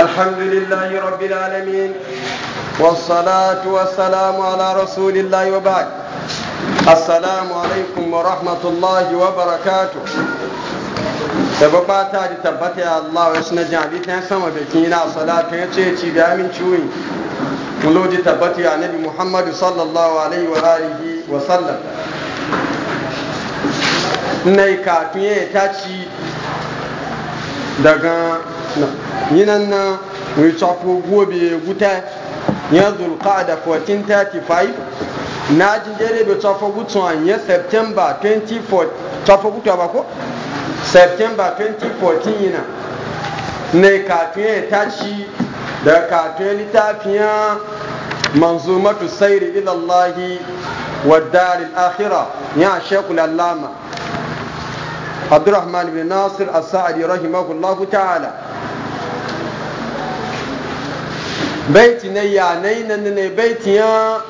الحمد لله رب العالمين والصلاة والسلام على رسول الله وبعد السلام عليكم ورحمة الله وبركاته sababba ta ji tabbata ya Allah wasu na ta sama da kini na salatu ya ce ci da min ciwon kuloji tabbata ya nabi muhammadu sallallahu alaihi wa alihi wa sallam na kafin ya ta ci daga yinan na ritsafo gobe guta ya zulqa'ada 1435 na ji jere be gutu an anya september 24 gutu ba september 2014 yana ne ka ya tachi da kafin litafiya manzumatu sayri ila allahi wa al akhirah ya shekul allama عبد الرحمن بن ناصر السعدي رحمه الله تعالى baiti na yanai nan ne baiti ya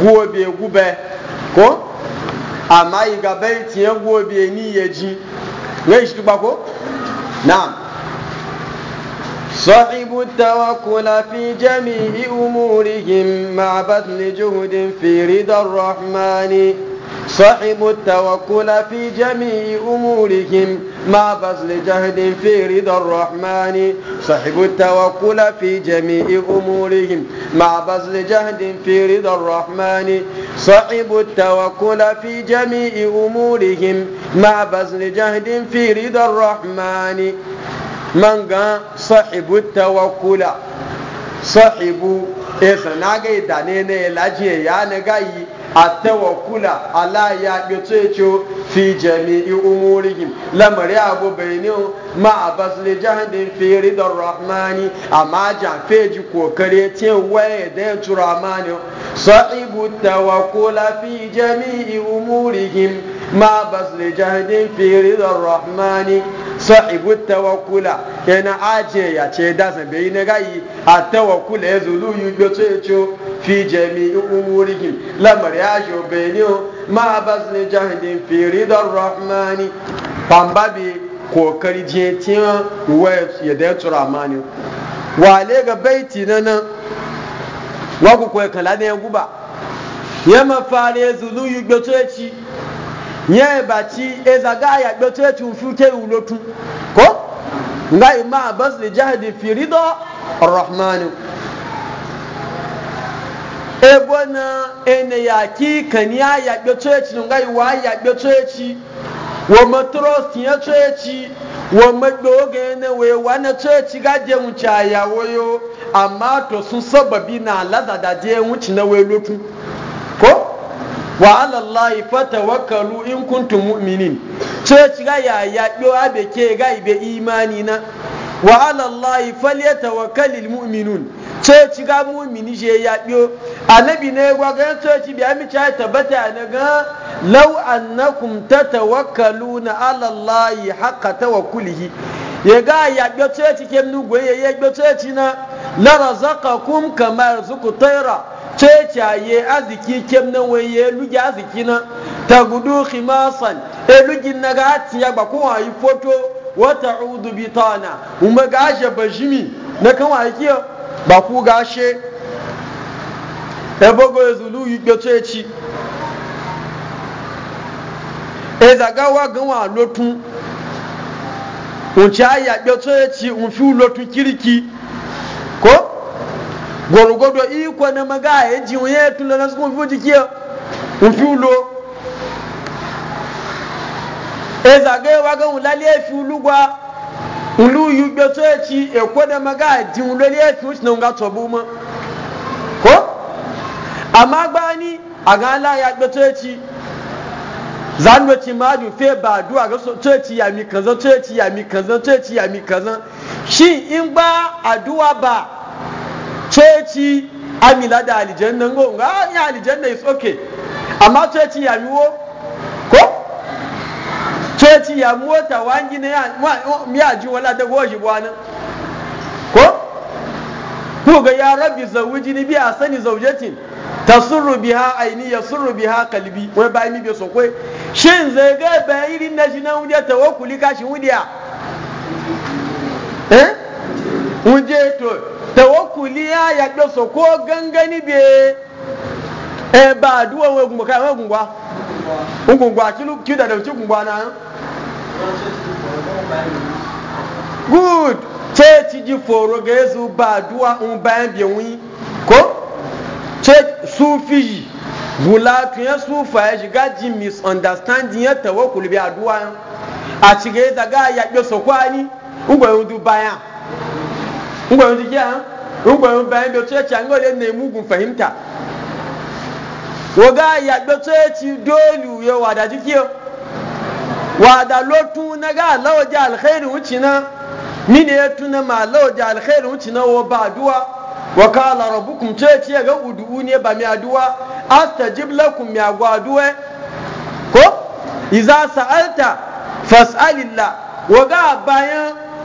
gobe gube ko amma iga baiti ya gobe ni ya ji ne shi ba ko na'am صعبوا التوكل في جميع أمورهم مع بذل جهد في رضا الرحمن صعبوا التوكل في جميع أمورهم مع بذل جهد في رضا الرحمن صحبوا التوكل في جميع أمورهم مع بذل جهد في رضا الرحمن صعبوا التوكل في جميع أمورهم مع بذل جهد في رضا الرحمن من قال صحبوا التوكل صحبوا إذا ناقي دانيني لاجي يعني قايي attawakkula ala ya ce fi jami'i umurihim lamari abu bai ma a basle jahadin fi ridar rahmani a majan feji kokare ce waye da ya tura mani sa'ibu tawakkula fi jami'i umurihim ma basle jahadin fi ridar rahmani sahibu tawakkula yana aje ya ce da san na gayi a tawakkula ya e zulu yu go ce fi jami'i umurihim lamar ya jo benio ma basni jahdin fi ridar rahmani pambabi kokari je tiyan wa ya da wale ga baiti na nan wa ku kala ne guba yamma fare zulu yu go ce nye bati eza ga ya gbeto etu ufuke ulotu ko nga ima abas li jahadi fi rido rahmanu ebo na ene ya ki kani ya gbeto etu nga iwa ya gbeto etu wo ma trust ya to etu wo ma gbo gene we wa na to etu ga je mu cha ya wo yo amma to sun sababi na ladada je mu na we lotu ko wa alallahi fatawakkalu in kuntum mu'minin sai ci ga ya ya biyo abe ke ga ibe imani na wa alallahi falyatawakkalul mu'minun sai ci ga mu'mini je ya biyo annabi ne gwa ga sai ci bi ami ta tabbata na ga law annakum tatawakkaluna alallahi haqqa tawakkulihi ya ga ya biyo sai ci kemnu goye ya biyo sai ci na la razaqakum kama yarzuqu tayra ceca aye aziki kem na waye aziki na ta gudu khimasan e lugi na ga tiya ba ko foto wa ta'udu bitana kuma ga bajimi na kan wa kiyo ba ku ga she e bogo ezulu yi gbe ceci e zaga wa lotun unci aya gbe ceci un lotun kiriki ko gwargwado iko na maga ya ji wani tula na suka fi jiki fi ulo e zagayewa ga wulali ya fi ulu yi gbeto ya ci ekwo na maga ya ji wulali ya fi wuce na nga tobu ma ko amma gbani a ga ala ya gbeto ya ci ci maju fe ba duwa ga to ya ci ya mi kazan to ya ci ya mi kazan to ya ci ya mi kazan shi in ba aduwa ba ceci amila da Alijanna go nga ni Alijanna is okay amma ceci ya miwo ko ceci ya ta wangi ne ya ji wala da goji bwana ko ko ga ya rabbi ni bi asani zawjatin tasurru biha aini yasurru biha kalbi wai bai mi so sokoi shin zai ga bai irin na shi na wudiya tawakkuli ka shi wudiya eh wuje to tawakkuli ya yaɗe so ko gangani be e ba duwa kai kilu ki da dauki gumba na good church ji foro ga yesu ba duwa un bayan bi wi ko church sufi ya sufa ya shiga ji misunderstanding ya tawakkuli bi aduwa a ya zaga so kwani du bayan ngwayon jikiya ngwayon bayan bai tsoye can gole ne mugun fahimta waga ya bai tsoye ci dolu ya wada jikiya wada lotu na ga lawaje alkhairu wuce na mini ya e tuna ma lawaje alkhairu wuce na wa ba aduwa wa kala rabbukum tsoye ci ya ga udu'u ne ba mi aduwa jibla kun mi gwa aduwa ko iza sa'alta fas'alillah ga bayan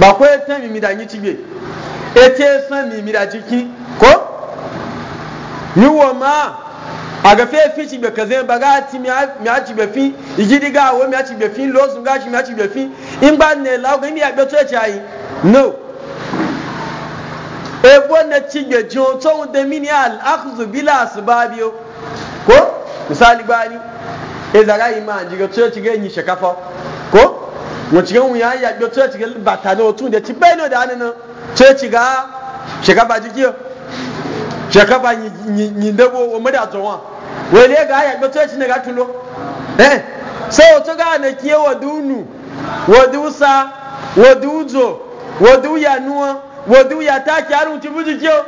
ba e ko ya ta mimida yi cibe ya ce san mimida ko ni wa ma a ga fe fi cibe ka ba ga ti mi a cibe fi igidi ga awo mi a cibe fi lo sun ga shi mi ne la ga ni gbe to ya e ci no ebo ne cibe jo to de mini al akhdhu bila asbabiyo ko misali bani e zaga iman jiga to ya e ci ga ni shakafa ko mo ci gan ya ya gbe to ci gan bata no tun de ti ne da nan to ci ga ci ga shekaba ji kiyo ci dabo o ma da zonwa we le ga ya gbe to ne ga tulo eh sai o to ga na kiyo wa dunu wa dusa wa duzo wa du ya nuwa wa du ya ta ki arun ti buji kiyo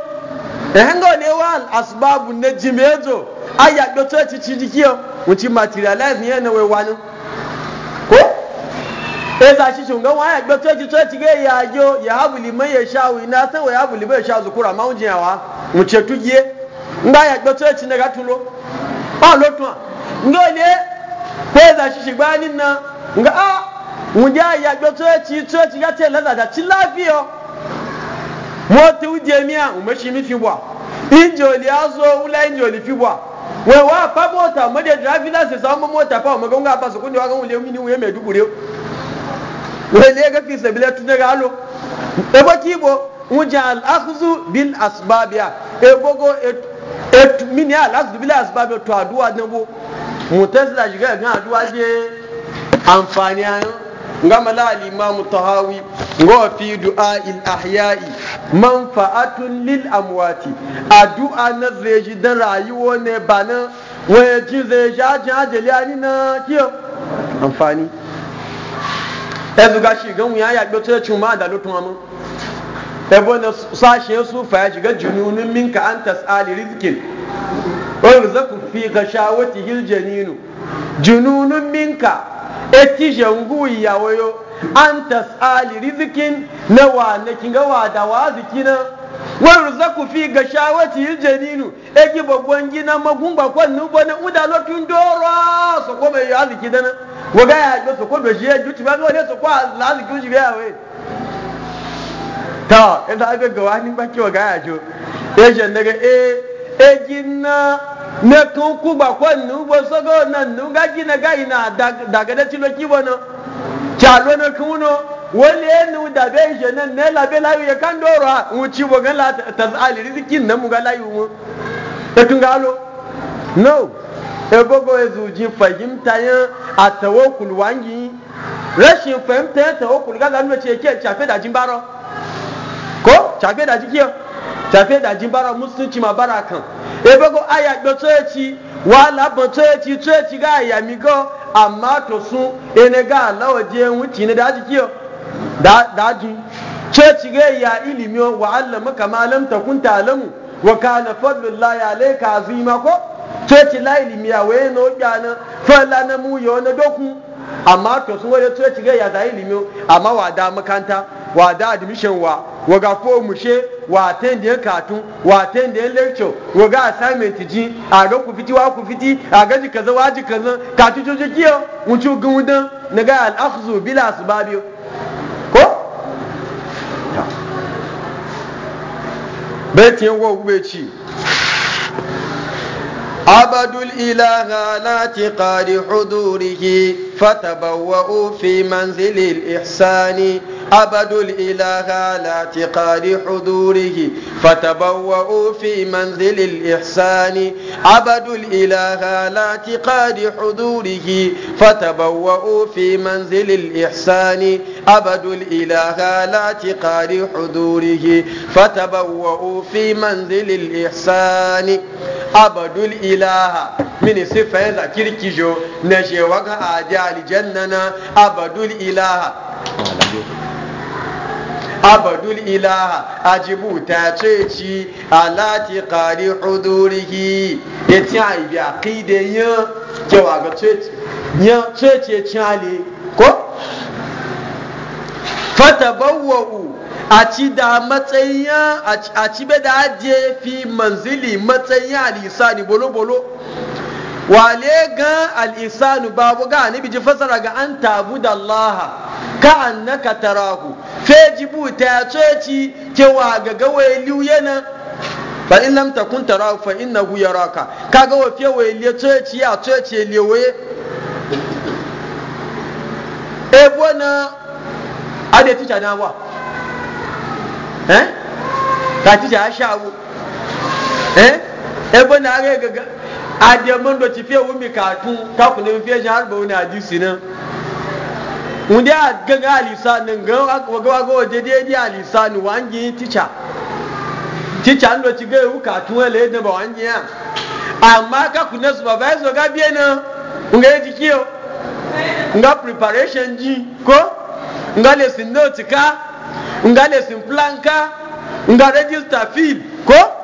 eh ngo ne wa asbabu ne jimezo aya gbe to ci ci kiyo mo ti materialize ne ene wai wani ko eza shi wa ya gbe coci coci ga ya yo ya habu liman ya sha wi na sai ya habu liman ya sha zukura ma unjin yawa mu ce tugiye nga ya gbe coci na gatulo ba lotwa nga ne eza shi shigbanin na nga a mu ja ya gbe coci coci ga ce laza da tilafiyo mo ti uje mi a mu shi mi fi bwa injoli azo ula injoli fi bwa wewa pa mota mo de driver sa amma mota pa mo ga nga pa so kun wa ga ule mi ni uye me dubure wai ne ga fi sabila tun daga alo ebo kibo wujan al'akhzu bil asbabiya ebogo e, e mini al'akhzu bil asbabiya to aduwa na bo mutasila shiga ga aduwa je amfani ayan nga mala al-imam tahawi ngo fi du'a al-ahya'i manfa'atun lil amwati adu'a na zeji da rayuwa ne bana waje zeji ajin ajali ani na kiyo amfani ɗazu ga shi gan ya yaɓe ta cin ma da lutun amin ɗabu na sashen sufa ya shiga jununin minka an tasali rizkin wani zakun fi ga shawati hiljaninu jununin minka eti jangu ya wayo an tasali rizkin na wa na kinga wa da wa zikina warzaku fi ga shawati janinu egi babban gina magungba kwan nubo na uda tun doro so ko bai ya ziki dana waga ya ga so ko do shi ya juti ba ne so ko la ziki juti ba we ta idan abe ga wani ba ki ga ya jo ya shan daga e egi na ne kan ku ba kwan nubo so na nan nuga gina ga ina daga da tilo kibono chalo na kuno wani yanu da bai je nan ne labe layu ya kan dora wuci bo ga tazali rizikin nan mu ga layu mu ta e tun galo no e bogo e zuji fahimta yin a tawakkul wangi rashin fahimta yin tawakkul ga zanu ce ke chafe da jimbaro ko chafe da jikiyo chafe da jimbaro musulunci ma barakan e bogo aya do tsoyaci wala bo tsoyaci tsoyaci ga aya mi go amma to sun ene ga lawaje wuci ne da jikiyo daji ce cire ya ilimi wa allama kama lam takun ta'lamu wa kana fadlullahi alayka azima ko ce ci la ilimi ya waye no kyana fala na mu yo na doku amma to sun waye ce cire ya da ilimi amma wa da makanta wa da admission wa wa ga fo she wa attend yan katun wa attend yan lecture wa ga assignment ji a ga ku fiti wa ku fiti a ga ji kaza wa ji kaza ka tujo ji kiyo mun ci gun na ga al akhzu bila asbabiyo bɛ tiɲɛ ko k'u bɛ ci. abadul ilaha lati qari xuduri fatabawa ofi manzilil ihsani. أبد الإله على اعتقاد حضوره فتبوأوا في منزل الإحسان أبد الإله على اعتقاد حضوره فتبوأوا في منزل الإحسان أبد الإله على اعتقاد حضوره فتبوأوا في منزل الإحسان أبد الإله من صفة ذكرك نجي وقع أجال جننا عبدوا الإله abadul ilaha ajibu ta ce ci alati kari hudurihi ya ci a ibi aqide yin kewa ga ce ya ci ale ko fatabawwa'u a ci da matsayin a ci da ajiye fi manzili matsayin ni bolo-bolo wale ga al'isanu babu ga ni biji fasara ga an tabu da Allah ka annaka tarahu feji buta ya coci kewa ga gawaye liu yana ba in lam takun tarahu fa innahu raka ka wa fiye wa coci ya coci liyowe e bona ade tica na wa eh ka tica ya shawo eh ebuwa na aga gaga adiẹmọ ndọtsi fie wumi kaatu kakuna mi fie zan arba wuni adi sinu wunde a gẹgẹ alisa ne ngẹ wọgẹ wọgẹ wọde de di alisa ni wa nyi titsa titsa ndọtsi gẹ ewu kaatu ẹ lẹ ne ba wa nyi a ama kakuna supervisor ga biye na nga eti ki nga preparation ji ko nga lesin note ka nga lesin plan ka nga register field ko.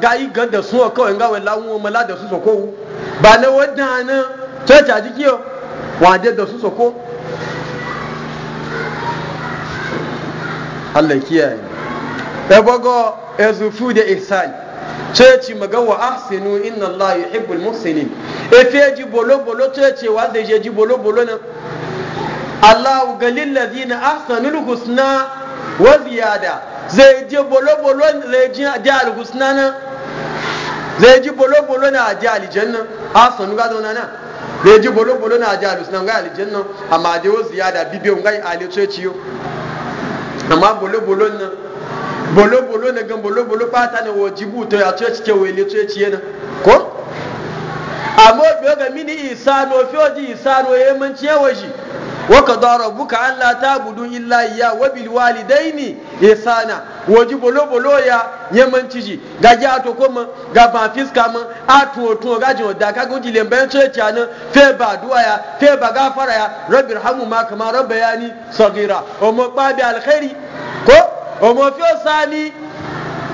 ga yi ga da suwa kawai ga wala mu mala da su soko ba na wadda na to ta jiki yo da su soko Allah kiyaye e bago zufu da ihsan Church magawa wa ahsinu inna Allah yuhibbul muhsinin e ji bolo bolo church wa da je ji bolo bolo na Allah galil ladina ahsanul husna wa ziyada zai je bolo-bolo zai ji a jihar husna nan zai ji bolo-bolo na a jihar nan a sanu ga zauna nan zai ji bolo-bolo na ji jihar nan ga aljanna amma da yau ziyada bibiyon ga alicoci yau amma bolo-bolo nan bolo-bolo na gan bolo-bolo fata na wajibu to ya ce cike wele ce ciye na ko amma biyo ga mini isa no fiyo ji isa no manci yawa shi waka da buka Allah ta budun illa iya wa bil walidaini sana waji bolo bolo ya yaman ciji ga ji ato koma ga ba fiska mun a otu ga ji da ka goji le ban ce nan ba duwa ya fe ba gafara ya rabin hamu ma ya ni sagira o mo pa alkhairi ko o mo fi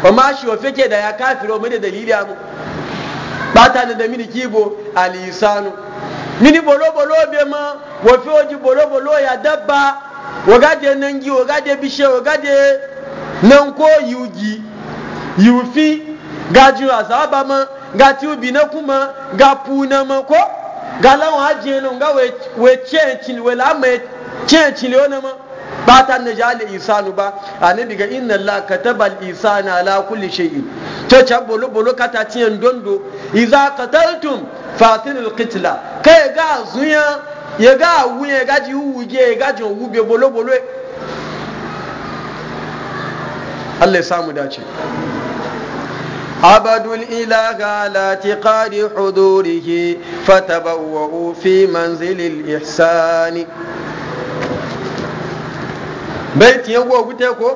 o ma shi o fike da ya kafiro mu da dalili amu ta da mini kibo alisanu mini bolo bolo bi ma wofi oji bolobolo ya dabba wogade nangi wogade bishe wogade nanko yugi yufi ga jura saba ma ga tubi na kuma ga puna ma ko ga lawan ajiye nan ga we cencin we la mai e cencin leona ma ba ta na ja le isanu ba annabi ga inna allah kataba al isana ala kulli shay'in to cha bolo bolo kata tiyan dondo idza qataltum fatil al qitla kai ga zuya yega awu yega ji wu ge yega ji wu be bolo bolo Allah ya samu dace عبدوا الإله على اعتقاد حضوره فتبوأوا في منزل الإحسان بيت يقوى قتكو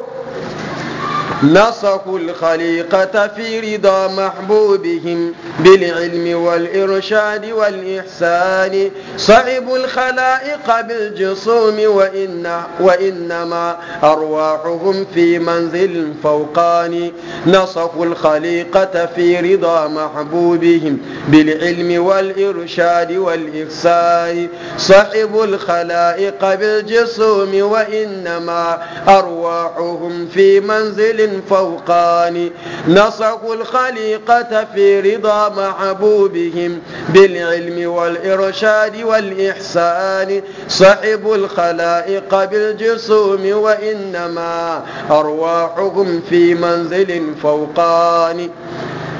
نسخوا الخليقة في رضا محبوبهم بالعلم والإرشاد والإحسان صعبوا الخلائق بالجصوم وإن وإنما أرواحهم في منزل فوقان نسخوا الخليقة في رضا محبوبهم بالعلم والإرشاد والإحسان صعبوا الخلائق بالجصوم وإنما أرواحهم في منزل فوقان نصحوا الخليقة في رضا محبوبهم بالعلم والإرشاد والإحسان صحبوا الخلائق بالجسوم وإنما أرواحهم في منزل فوقان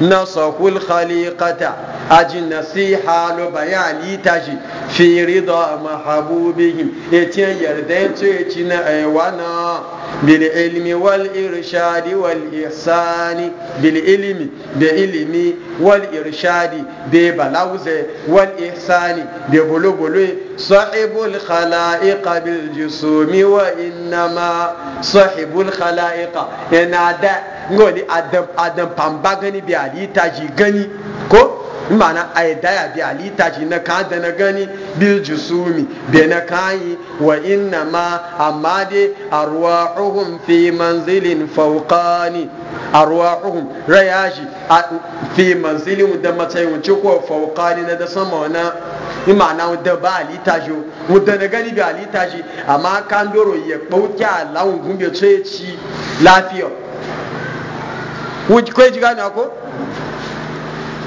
نصحوا الخليقة أجي نصيحة لبيان bayani في رضا محبوبهم يتين يردين تيتين أيوانا بالعلم والإرشاد والإحسان بالعلم بالعلم والإرشاد ببلاوزة والإحسان ببلوبلو صاحب الخلائق بالجسوم وإنما صاحب الخلائق ينادى ngoli adam adam pambagani bi ali taji gani ko mana a yi daya bi alita shi na ka da na gani bil jusumi be na kayi wa inna ma amma dai arwahuhum fi manzilin fauqani arwahuhum raya shi fi manzilin da matsayin wuce ko ni na da sama wana imana da ba alita shi da na gani bi alita shi amma kan doro ya ɓauki alawun gumbe ce ci lafiya. Kwai ji gane ko?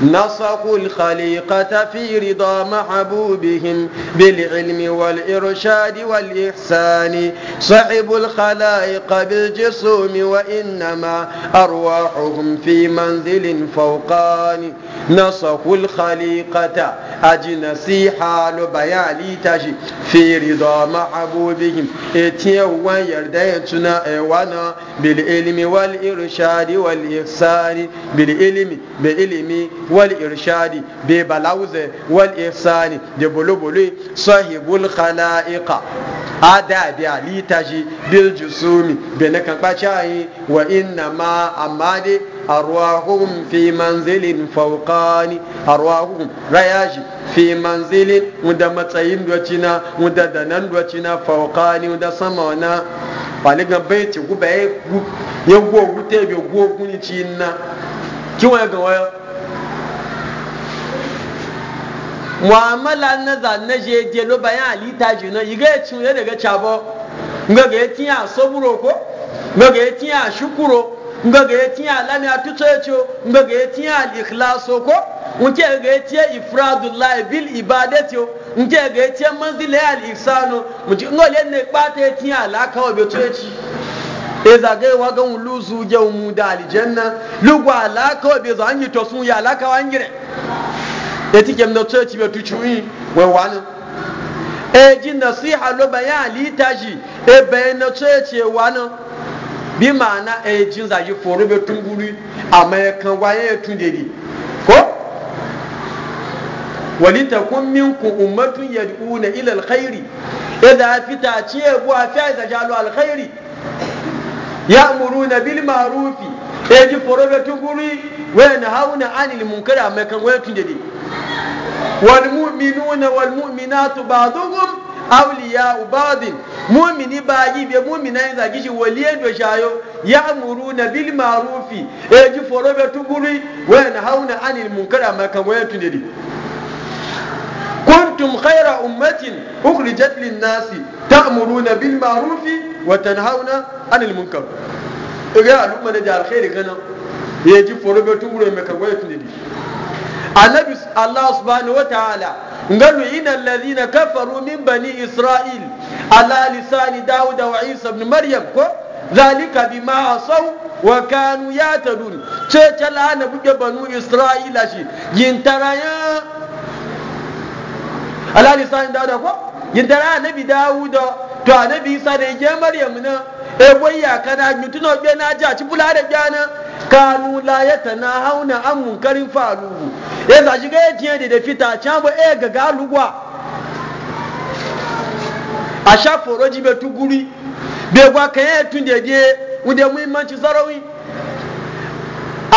نصقوا الخليقة في رضا محبوبهم بالعلم والإرشاد والإحسان صعب الخلائق بالجسوم وإنما أرواحهم في منزل فوقان نصقوا الخليقة أجنسي حال بيالي تجي في رضا محبوبهم اتيوا يرديتنا ايوانا بالعلم والإرشاد والإحسان بالعلم بالعلم wal irshadi be balawze wal ihsani de bolobolo sahibul khalaiqa ada bi alitaji bil jusumi be na kan bacayi wa inna ma amma de arwahum fi manzilin fawqani arwahum rayaji fi manzilin wanda matsayin docina wanda danan docina fawqani wanda sama wana waligan baiti guba ya gwo gute na gwo guni cinna kiwa ga waya mu'amala na zanne je je lo bayan alita je no yiga ci ne daga chabo nga ga yati ya soburo ko nga ga yati ya shukuro nga ga yati ya lami atuchecho nga ga yati ya ikhlaso ko nke ga yati ya ifradullah bil ibadati nke ga yati ya manzila al ihsano muji nga le ne pata yati ya alaka obe tuchechi e zagaye wa ga wuluzu je mu da aljanna lugwa alaka obe zo an yi to sun ya alaka wangire eti kem na tsoci be tu chuyi we wani e ji nasiha lo ba ya ali taji e be na tsoci e wani bi ma'ana e ji za ji foro be tunguri amma ya kan waye tun dedi ko walitakun minkum ummatun yad'una ila alkhairi idza fita e bu a fi da jalu alkhairi ya'muruna bil ma'rufi yaji forobe tuguri wa hauna 'anil munkari amma kan waye tun dedi والمؤمنون والمؤمنات بعضهم أولياء بعض مؤمن باجي بي مؤمن أين زاجيش وشايو يأمرون بالمعروف يجي فروبة تقولي وين هون عن المنكر ما كان ويتندري كنتم خير أمة أخرجت للناس تأمرون بالمعروف وتنهون عن المنكر إذا ألوم نجار خير غنى يجي فروبة تقولي ما كان ويتندري annabi Allah subhanahu wa wataala ngalu ina alladhina kafaru min bani isra'il ala lisani dauda wa isa ibn maryam ko zalika bima asaw wa kanu yatadun ce ce la na buge banu isra'ila shi yintaraya ala lisani dauda ko yintara annabi dauda to annabi isa da yake maryam na e eh, boyya kana mituno be na ja ci bula da gana kanu la ya na hauna an munkarin faru. ya za shiga ya tiye da fita can ba ya ga galugwa a sha foroji jibe tuguri bai gwa kan yi tun da je wuda muhimmanci sarawi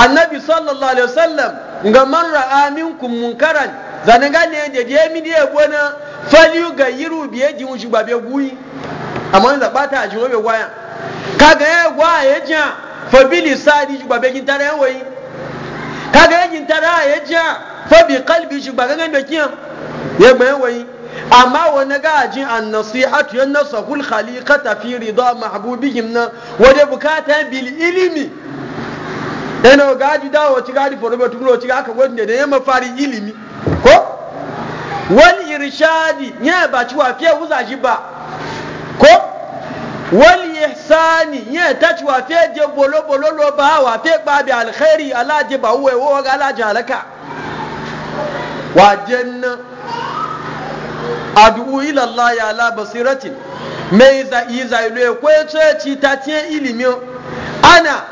annabi sallallahu alaihi wasallam ga man ra'a minkum munkaran zane ga ne da je mi ne gona faliyu ga yiru biye ji wushi ba bai guyi amma da zaba a jiwo bai gwaya kaga ya gwa ya jiya fabili sadi shi babe gin tare yawayi kaga ya gin tare ya jiya fabi kalbi shi ba gangan da kiyan ya mai yawayi amma wani gajin an nasihatu yan nasa hul khaliqata fi rida mahbubihim na wajen bukata bil ilimi yana gaji dawo ci gadi forobe tukuro ci aka gwajin da ya mafari ilimi ko wal irshadi ya ba ci wafiya fiye shi ba ko wal ihsani ye tachi wa fe je bolo bolo lo ba wa fe ba bi al khairi ala je ba we wo ga ala je halaka wa janna adu ila allah ya la basiratin me za iza ile ko chechi ta tie ilimi ana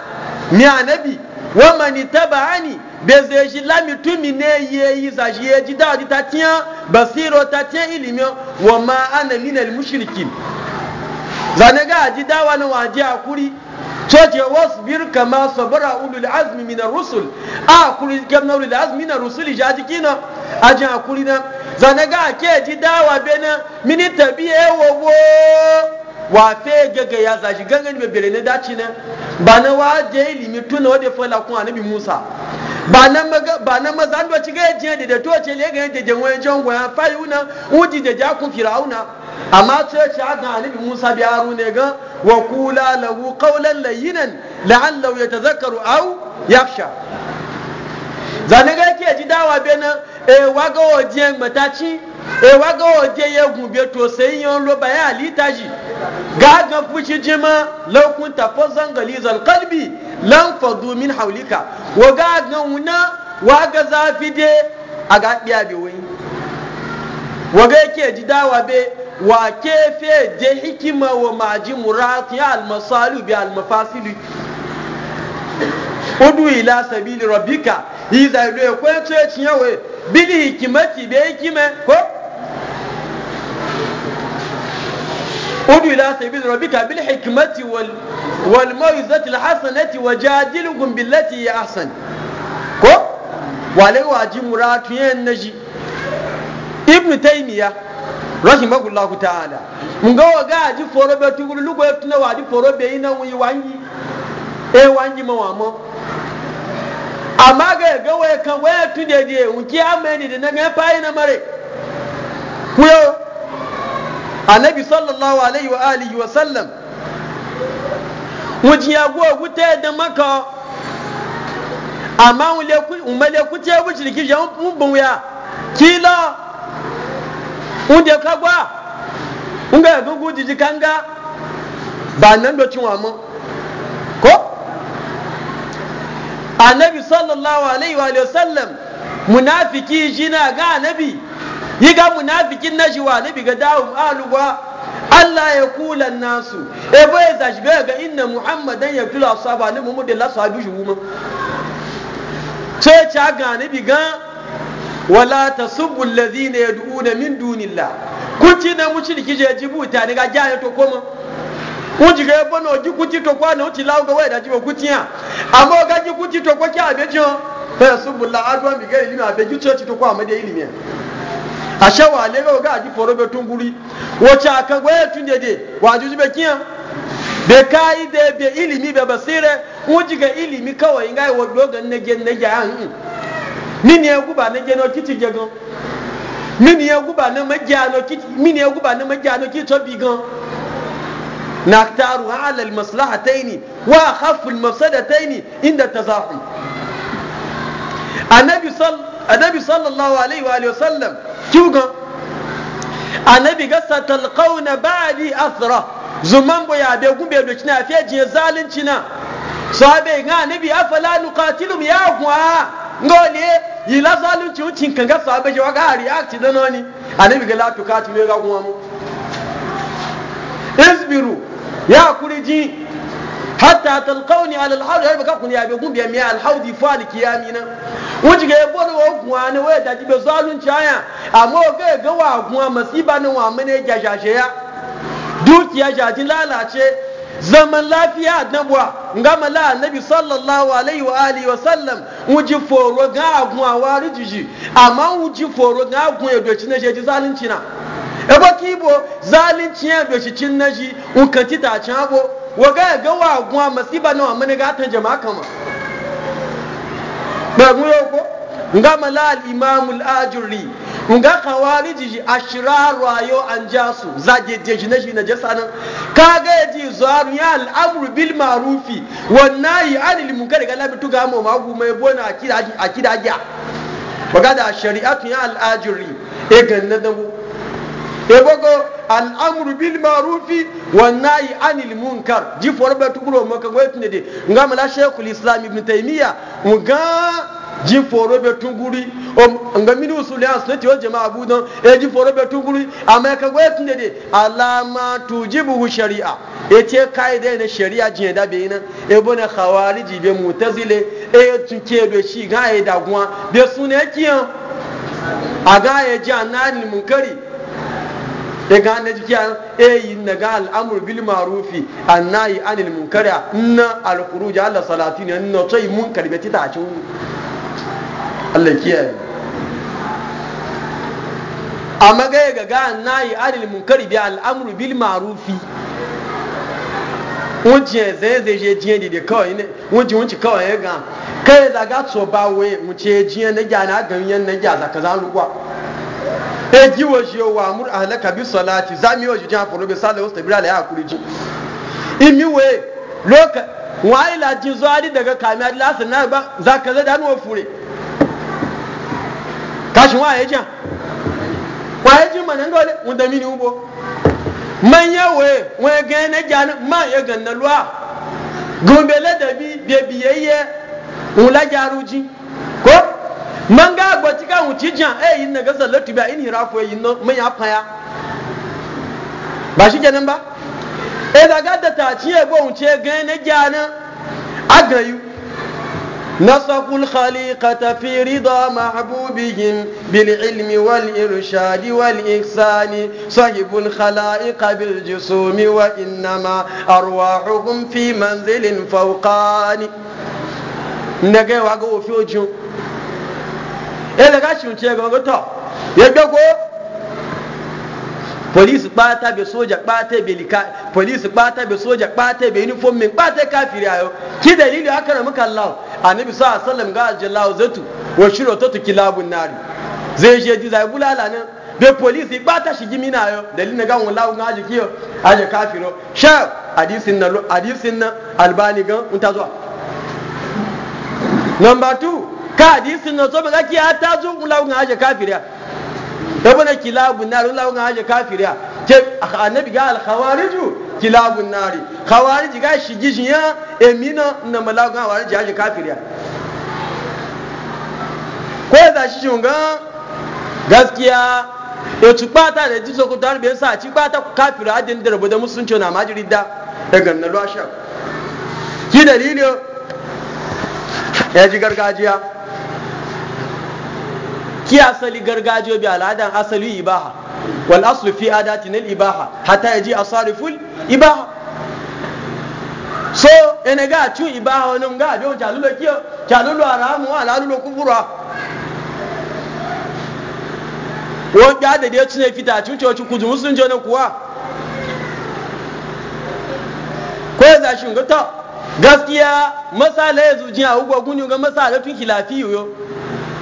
mi anabi wa man tabani be zai shi lami tumi ne ye yi za shi ye ji da ta tie basiro ta tie ilimi wa ma ana al mushrikin zane ga aji dawa na waje a kuri coce wasu bir kama sabara ulul azmi mina rusul a kuri gamna ulul azmi mina rusul ja jiki na aji a kuri na zane ga ke ji dawa bena mini tabiye wogo wa fe gaga ya zaji gangan be bere ne daci na ba na waje ilimi na wade fola kun anabi musa ba na maga ba na maza ndo ci ga je da to ce le ga je je wajen gwa fa yuna uji da ja ku firauna amma ce ce hakan annabi Musa bi aru ne ga wa kula lahu qawlan layyinan la'allahu yatazakkaru aw yakhsha zane ga ke ji dawa na e waga oje matachi e waga oje yegun be to sai yan lo baya alitaji ga ga fushi jima law kunta fazan galizal qalbi lan fadu min hawlika wa ga ga una waga zafi de aga biya be wai waga ke ji dawa be wa kefe je hikima wa maji murat ya almasalu bi almafasili udu ila sabili rabbika iza ilu ekwe tsoyacin yawe bili hikimati be hikime ko udu ila sabili rabbika bil hikimati wal wal mawizati alhasanati wajadilukum billati hi ahsan ko wale waji muratu yan naji ibnu taymiya rahimahullahu ta'ala nga waga aji foro be tugulu lugo e tuna waji foro be ina wi wangi e wangi ma wamo amma ga e ga waye kan waye tude die unki ameni de na ga e pai na mare kuyo annabi sallallahu alaihi wa alihi wa sallam wuji ya go gute da maka amma wule ku umale ku te bu shirki jan mun bunya kila unde kagwa unga ya kanga ba nan do cin wamu ko Anabi sallallahu alaihi wa sallam munafiki jina ga anabi! yi munafikin na shi wa anabi ga dawo aluwa Allah ya kula nasu e bai zashi ga inna muhammadan ya kula ashabu annabi mu da lasu habi shi mu sai ta ga annabi ga wala ya alladhina da min dunillah kunci na mushriki je jibuta ni ga jaya to koma kunci ga bono ji kunci to kwa na uti lawo ga wai da jibo ya? amma ga ji kunci to kwa ki abejo fa yasubbu allah adwa mi ga ilimi abejo to ci to kwa amade ilimi ashe wa le ga ga ji foro be tunguri wace aka gwaye tun de wa juji be kiyan be kai de be ilimi be basire wuji ga ilimi kawai ngai wa dogan na gen na mini eguba ne jeno kiti jegan mini eguba ne majja no kiti mini eguba ne majja no kiti tobi gan naktaru ala al maslahataini wa khafu al mafsadataini inda tazahum annabi sal annabi sallallahu alaihi wa sallam, alihi wasallam kiuga annabi gasatal qawna ba'di athra zuman bo ya be gumbe do china afia jin zalincina sahabe ga annabi afala nuqatilum ya huwa ngole yi la zalunci wucin kan ga sahabe shi ga react da noni annabi ga la ti me ga kuma mu isbiru ya kuriji hatta talqawni ala alhawd ya baka kun ya be kun be mi alhawd fal kiyamina wuci ga yebo da wagun ne we da jibe zalunci aya amma ga ga wagun masiba ni wa mene jajashe ya dukiya jajin lalace zaman lafiya nabuwa nga mala annabi sallallahu alaihi wa alihi wa sallam wuji foro ga agun awari jiji amma wuji foro ga agun edoci na ji zalunci na ebo kibo zalunci ya edoci cin na kan ti ta can abo wa ga ga wa agun masiba na wa mani ga tan jama'a kama ba mu yo ko nga mala al-imam al nga khawariji ji ashrar wayo an jasu zage je ji na shi na jasa nan kaga ji zaru ya al-amr bil ma'rufi wan nahi anil munkari ga labi tuga mo magu mai bona akida akida ja baga da shari'atu ya al ajuri e ga na mu e bogo al-amr bil ma'rufi wan nahi anil munkar ji forba tukuro maka goytune de nga mala shaykhul islam ibn taymiya nga ji foro bɛ tunguri o nga mini usuli an sunati wal jamaa budan e ji foro bɛ tunguri amma ka goye tun de alama buhu shari'a e ce kaida ne shari'a jin da be ina e bona khawariji be mutazile e tunke e be shi ga e da gwa be sunne kiyan ga e ji mun munkari e ga ne ji kiyan e yi na ga al'amru bil ma'rufi mun anil munkari na al khuruj ala ne na tayi munkari a tita cin Allah kiyaye amma ga ga ga nayi anil munkari bi al'amru bil ma'rufi wunci zai zai je jiye da kawai ne wunci wunci kawai ya ga kai da ga to ba mu wunci jiye na ga na ga yan na ga ka zan ruwa e ji wo shi wa mur ahlaka bi salati zami wo jiya furu bi sala wa stabira la yakuri ji imi we loka wa ila ji zo adi daga kamar lasa na ba zaka za da nuwa fure kashi waye ya jan wa ya ji manan ga wani da mini ubo man ya we we ga na jan ma ya ga na lwa gombe la da bi de biyayye ula jaruji ko man ga gbati ka wuci jan e yin na ga sallatu ba in hirafo yin no man ya faya ba shi kenan ba eh daga da ta ci ego wuce ga na jan yu. نسقوا الخليقة في رضا محبوبهم بالعلم والإرشاد والإحسان صحب الخلائق بالجسوم وإنما أرواحهم في منزل فوقان نجي وقو في وجه إذا قاشم تيغو يبقوا polisi ɓata be soja ɓata be lika polisi ɓata be soja ɓata be uniform min ɓata kafiri ayo ki dalili haka na muka Allah annabi sa sallam ga ajallahu zatu wa shiro tatu kilabun nari zai je ji zai bulala ne be polisi ɓata shi gimi na ayo dalilin ga wala ga aje kiyo aje kafiro sha hadisin na hadisin na albani ga mun ta zuwa number 2 ka hadisin na zo ba ga kiya ta zo wala ga aje kafiri dabana kilabun nari lawan ga haje kafiriya ke annabi ga alkhawariju kilabun nari khawarij ga shigi ya emina na malaga khawarij haje kafiriya ko da shi shunga gaskiya ya ci da jiso ku dar biyan sa ci bata ku kafira adin da rabu da musulunci na majirida daga na lasha ki dalilin ya ji gargajiya ki asali gargajiyo bi al'adan asali ibaha wal aslu fi adati nil ibaha hatta yaji asariful ibaha so ene ga chu ibaha onun ga jo jalulo kiyo jalulo aramu ala lulo kubura wo ga da dai tune fita chu chu kuzu musun jo ne kuwa ko za shi ngata gaskiya masala ya zuji a ugwa guni ga masala tun khilafi yo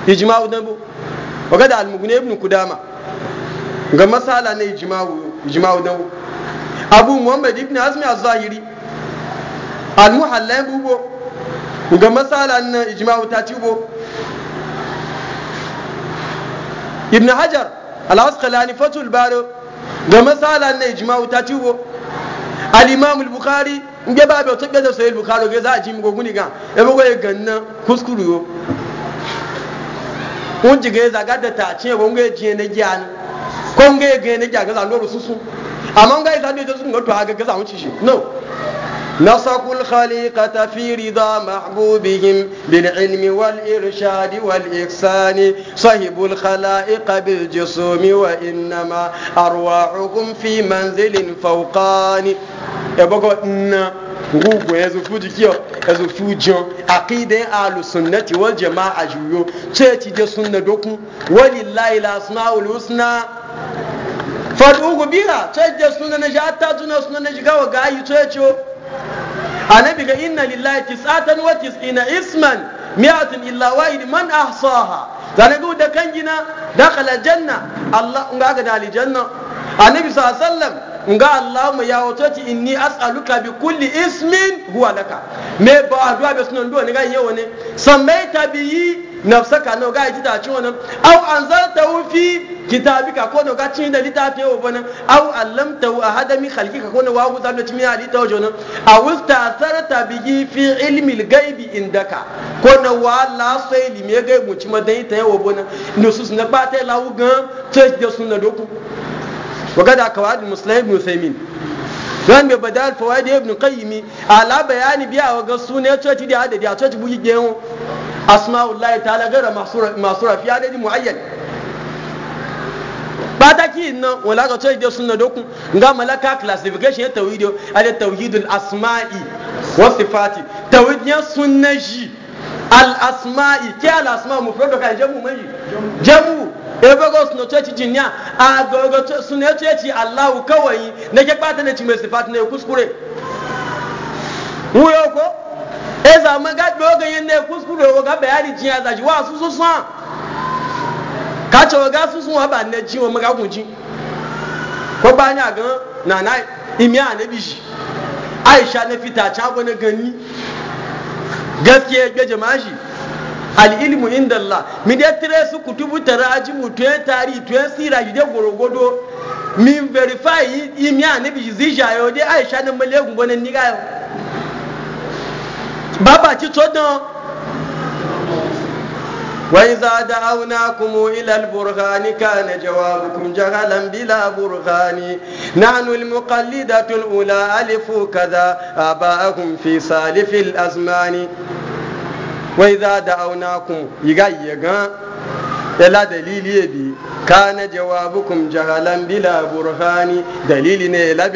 ijma'u dan da almugune ibn kudama ga masala na jima'u dawo abu muhammad ibn azmi a zahiri almuhallai muhallai bubo ga masala na ijma'u ta cibo ibn hajar al fatul baro ga masala na ijma'u ta cibo al-imam al-bukhari nge ba be to bukari da bukhari ga za a ji mi goguni ga ganna kuskuru yo kun jiga ya zaga da ta ce kun ngai jiye na giya ne Ko ga ya ga na giya ga zanuwar susu amma ga ya zanuwar susu ga to ga ga ci shi no نصقوا الخليقة في رضا محبوبهم بالعلم والإرشاد والإحسان صهبوا الخلائق بالجسوم وإنما أرواحكم في منزل فوقان يبقوا إن gugu ya zufu jikiyo ya zufu jiyon aqidan ahlus sunnati wal jama'a juyo ce ci je sunna doku walillahi al-asmaul husna fadu gubira ce je sunna na ja ta tuna sunna ga yi ce annabi ga inna lillahi tis'atan wa tis'ina isman mi'atun illa wahid man ahsaha zane go da kan gina dakhala janna Allah ga ga dali janna annabi sallallahu alaihi wasallam nga Allah ma ya wato ci inni as'aluka bi kulli ismin huwa laka me ba addu'a be sunan do ne ga yewo ne samaita bihi nafsaka no ga ji ta ci wannan aw anzaltahu fi kitabika ko no ga cin da litafi yau bana aw allamtahu ahada min khalqika ko no wa ku zalo a ya litafi jona aw istasarta bi fi ilmi al-ghaibi indaka ko no wa la sai limi ga mu ci madai ta yau bana nusus na ba ta lawu gan ce da sunna doku وقد أكواد المسلم بن ثيمين don bai bada alfawa da ibn qayyimi ala bayani biya wa gasu ne coci da adadi a coci buji gemu asma'ullahi ta'ala gara masu rafi adadi muayyan pataki na wala ga coci da sunna doku nga malaka classification ya tawhido ada asma'i wa sifati tawhid ya sunna ji al asma'i ke al asma mufrad ka jamu mai jamu ebago suno ceci jinya a gogo suno ceci allahu kawai na ke bata da cimai sifat ne kuskure wuyo ko e zama ga dogon yin ne kuskure wa ga bayani jinya zaji wa su su san ka ce wa ga su sun wa ba ne ji wa maga kunji ko ba ga na na imi anabi shi aisha na fita ta gani gaskiya ya jama'a shi al'ilmu inda Allah mi de tire su kutubu taraji mu tuye tari tuye sira yi de gorogodo mi verify yi mi anabi zija yo de aisha na male gumbo na niga yo ba ti to don wa da auna kuma ilal burhani jawabu kun jahalan bila burhani nahnu al-muqallidatu al-ula alifu kaza a aba'ahum fi salifil azmani wai za da auna kun yiga yaga yala dalili ya bi kana jawabukum jahalan bila burhani dalili ne yala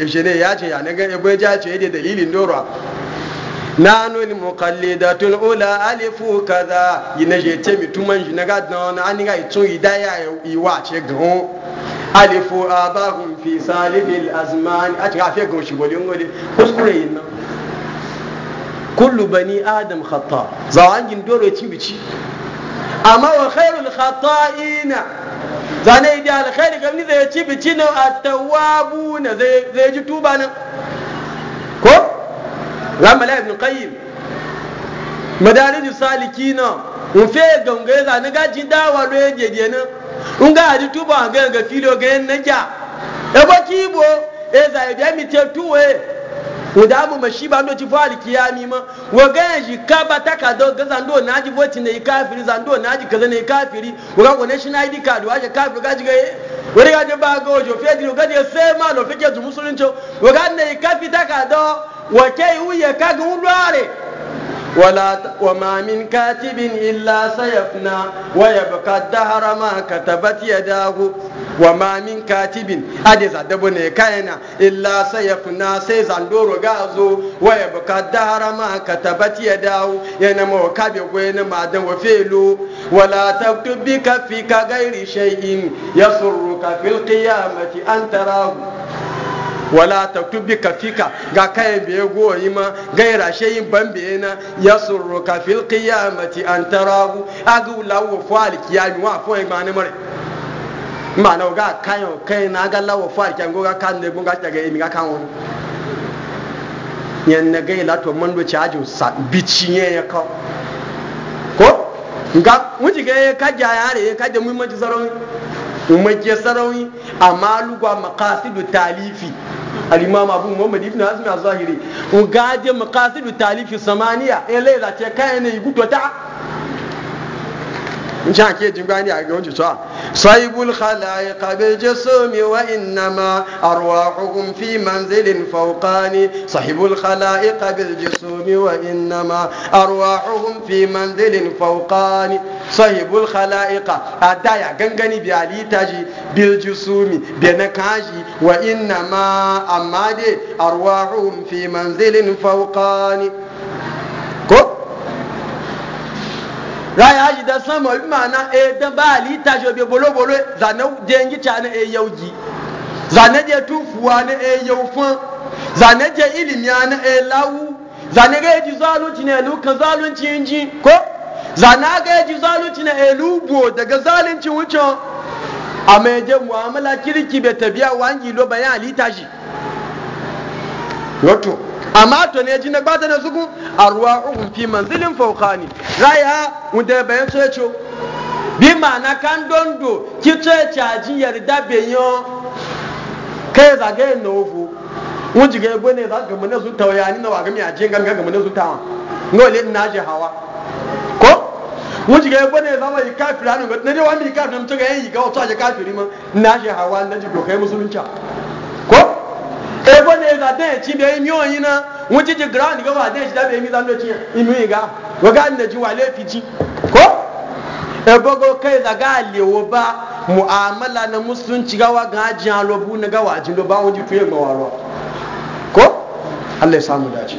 eje ne ya ce ya na ga ebo ja ce da dalilin dora nanu muqallidatul ula alifu kaza yina je ce mituman na ga na an ga ito idaya iwa ce gan alifu abahum fi salibil azman a ce ga fe gan shi bolin gode kuskure yin nan kullu bani adam khata za wangin doro ci bici amma wa khairul khata'ina zane da alkhairi kamni zai ci bici nan at na zai ji tuba nan ko ramala ibn qayyim madarij salikina mun fe gangaye zane gaji dawa do yejede nan in ga ji tuba ga ga filo ga yan naja e ba kibo e zai biya mi te tuwe wòdà mu mẹsì bá ndó ti fọ àlìkíyà mi mọ wògá ẹnjì kábà takàdọ gẹsà ndó nàájì vóòtì nà ìkáfìrí zà ndó nàájì kẹsẹ national id card wàá jẹ káfìrí wògá jẹ ẹ wòdì ká jẹ báàgọ òjò fẹẹ dìrì wògá jẹ sẹẹ má lọ fẹẹ jẹ tùmùsùlùmí tso wògá nà ìkáfìrí ولا وما من كاتب إلا سيفنى ويبقى الدهر ما كتبت يداه وما من كاتب أدي زدبني كاينا إلا سيفنى سيزندور غازو ويبقى الدهر ما كتبت يداه ينمو كابي وين ما دم وفيلو ولا تكتب بك بكفيك غير شيء يسرك في القيامة أن تراه wala taktub bi kafika ga kai biye goyi ma gaira ban biye na ya yasurruka fil qiyamati an tarahu agu lawo fal kiyami wa fo ma ne mare ma na ga kai kai na ga lawo fal kiyami ga kan ne gunga ta ga yi ga kan wani yan na gaila to mando chaju sa ne ya kawo. ko nga wuji ga ka ja yare ka da muhimmanci sarauni umarke sarauni amma lugwa makasidu talifi al-imam abu muhammad ibn azmi az-zahiri ugaje maqasidu talifi samaniya ele za ce kai ne gutu ta nci ake jin gani a ga wancan cewa saibul khalaiqa bil jismi wa innama arwahuhum fi manzilin fawqani sahibul khalaiqa bil jismi wa innama arwahuhum fi manzilin fawqani sahibul khalaiqa adaya gangani bi alitaji bil jismi bi kaji wa innama amma dai arwahuhum fi manzilin fawqani ko raya shi da sama bi ma'ana e dan ba halitta shi obi bolo bolo zane jengi ta na e eh, ji zane je tufuwa na e eh, fun zane je ilimi na e lawu zane ga yaji zalunci na elu kan zalunci inji ko zane ga yaji zalunci na elu bo daga zalunci wucin a mai je mu'amala kirki bai tabiya wangi lo bayan halitta shi wato amma to ne jin ba ta na zugu arwahuhum fi manzilin fawqani raya wanda bayan so yacho bi ma'ana kan dondo ki to caji yarda benyo kai zage no fu wun jiga ebo ne za ga mana su ni na waga mi aje ganga ga mana su tawa ngole na je hawa ko wun jiga ebo ne za mai kafiri anu ga ne wa mi kafiri mun to ga yi ga wato aje kafiri ma na je hawa na ji dokai musulunci ko ebo ne ga den ci be mi oyin na won ci ci ground ga wa den ci da be mi zan do ci imi ga wa ga ne ji wa le fiji ko ebo go kai da ga le wo ba mu'amala na musulunci ga wa ga ji an lo bu na ga wa ji lo ba won ji tuye ma waro ko Allah ya samu dace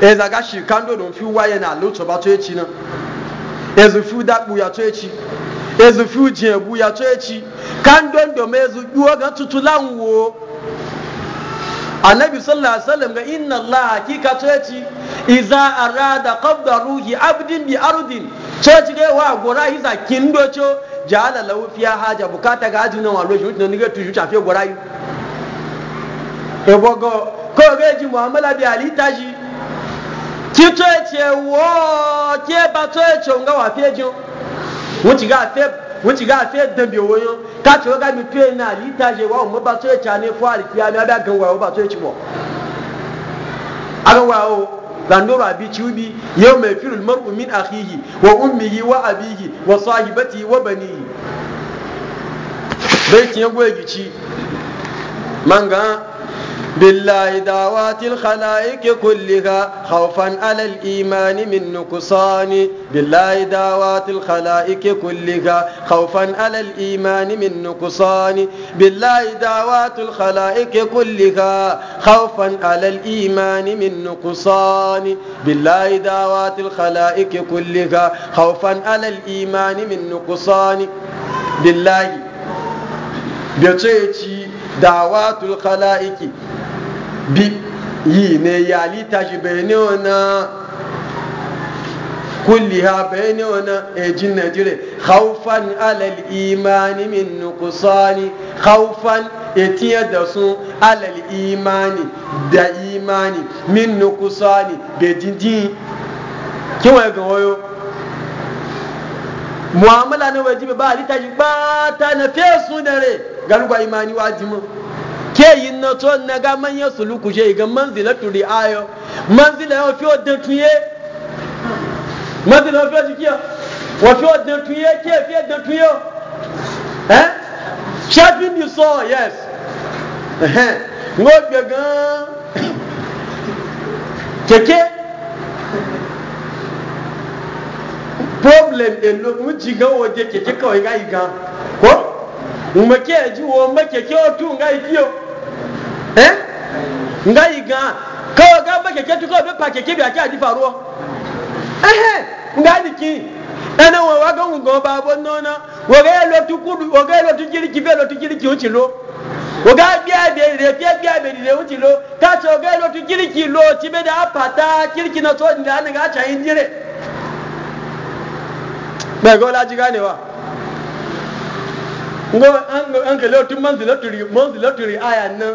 e zaga shi kando don fi waye na lo to ba to echi na ezu fi da bu ya to echi ezufi uji egbu ya tụ echi ka ndondo m ezu kpuo ga ntụtụla nwuo Anabi sallallahu alaihi wasallam ga inna allah hakika tụ echi iza arada qabda ruhi abdin bi ardin tụ echi ga wa gora iza kin docho jala lahu fiya haja bukata ga ajin nan walo shi mutun ga tuju tafi gora yi ebogo ko ga ji muamala bi ali taji ki tụ echi e wo ki ba tụ echi nga wa fi ejin wuci ga fe dambe woyon ka ce waga mi fe na lita je wa umma ba so ya cane fo alkiya na da gan wawo ba so ya ci mo aga wawo bi, abi ciubi yau mai firul mar'u min akhihi wa ummihi wa abihi wa wa banihi bai goye gici manga بالله دعوات الخلائق كلها خوفا على الإيمان من نقصان بالله دعوات الخلائق كلها خوفا على الإيمان من نقصان بالله دعوات الخلائق كلها خوفا على الإيمان من نقصان بالله دعوات الخلائق كلها خوفا على الإيمان من نقصان بالله بيتشي دعوات الخلائق bi yi ne ya lita shi bayani wana ha bayani wana ejin najire khawfan alal imani min nuqsani khawfan etiya da su alal imani da imani min nuqsani be jinjin kin wa ga wayo muamala na wajibi ba lita shi ba ta na fesu dare garuwa imani wajimu. ke yin na to na ga manya suluku je ga manzila turi ayo manzila yo fi odan tuye manzila fi odan tuye wa fi odan tuye ke fi odan tuye eh shafin you saw yes ngo gagan keke problem ɗin e ga jigan waje keke ko ga yi ko umakeji womake kyotu nga ikyo eh nga iga kawo ga bake ketu ko be pake kebi ati adi faruwa ehe nga diki ene wo waga ngo babo nona woga lo tukudu woga lo tukiri kibe lo tukiri ki uchilo woga bia de lo tukiri ki da apata kirki na to ndana ga cha indire be go la nga an ga lauti manzilaturi manzilaturi aya na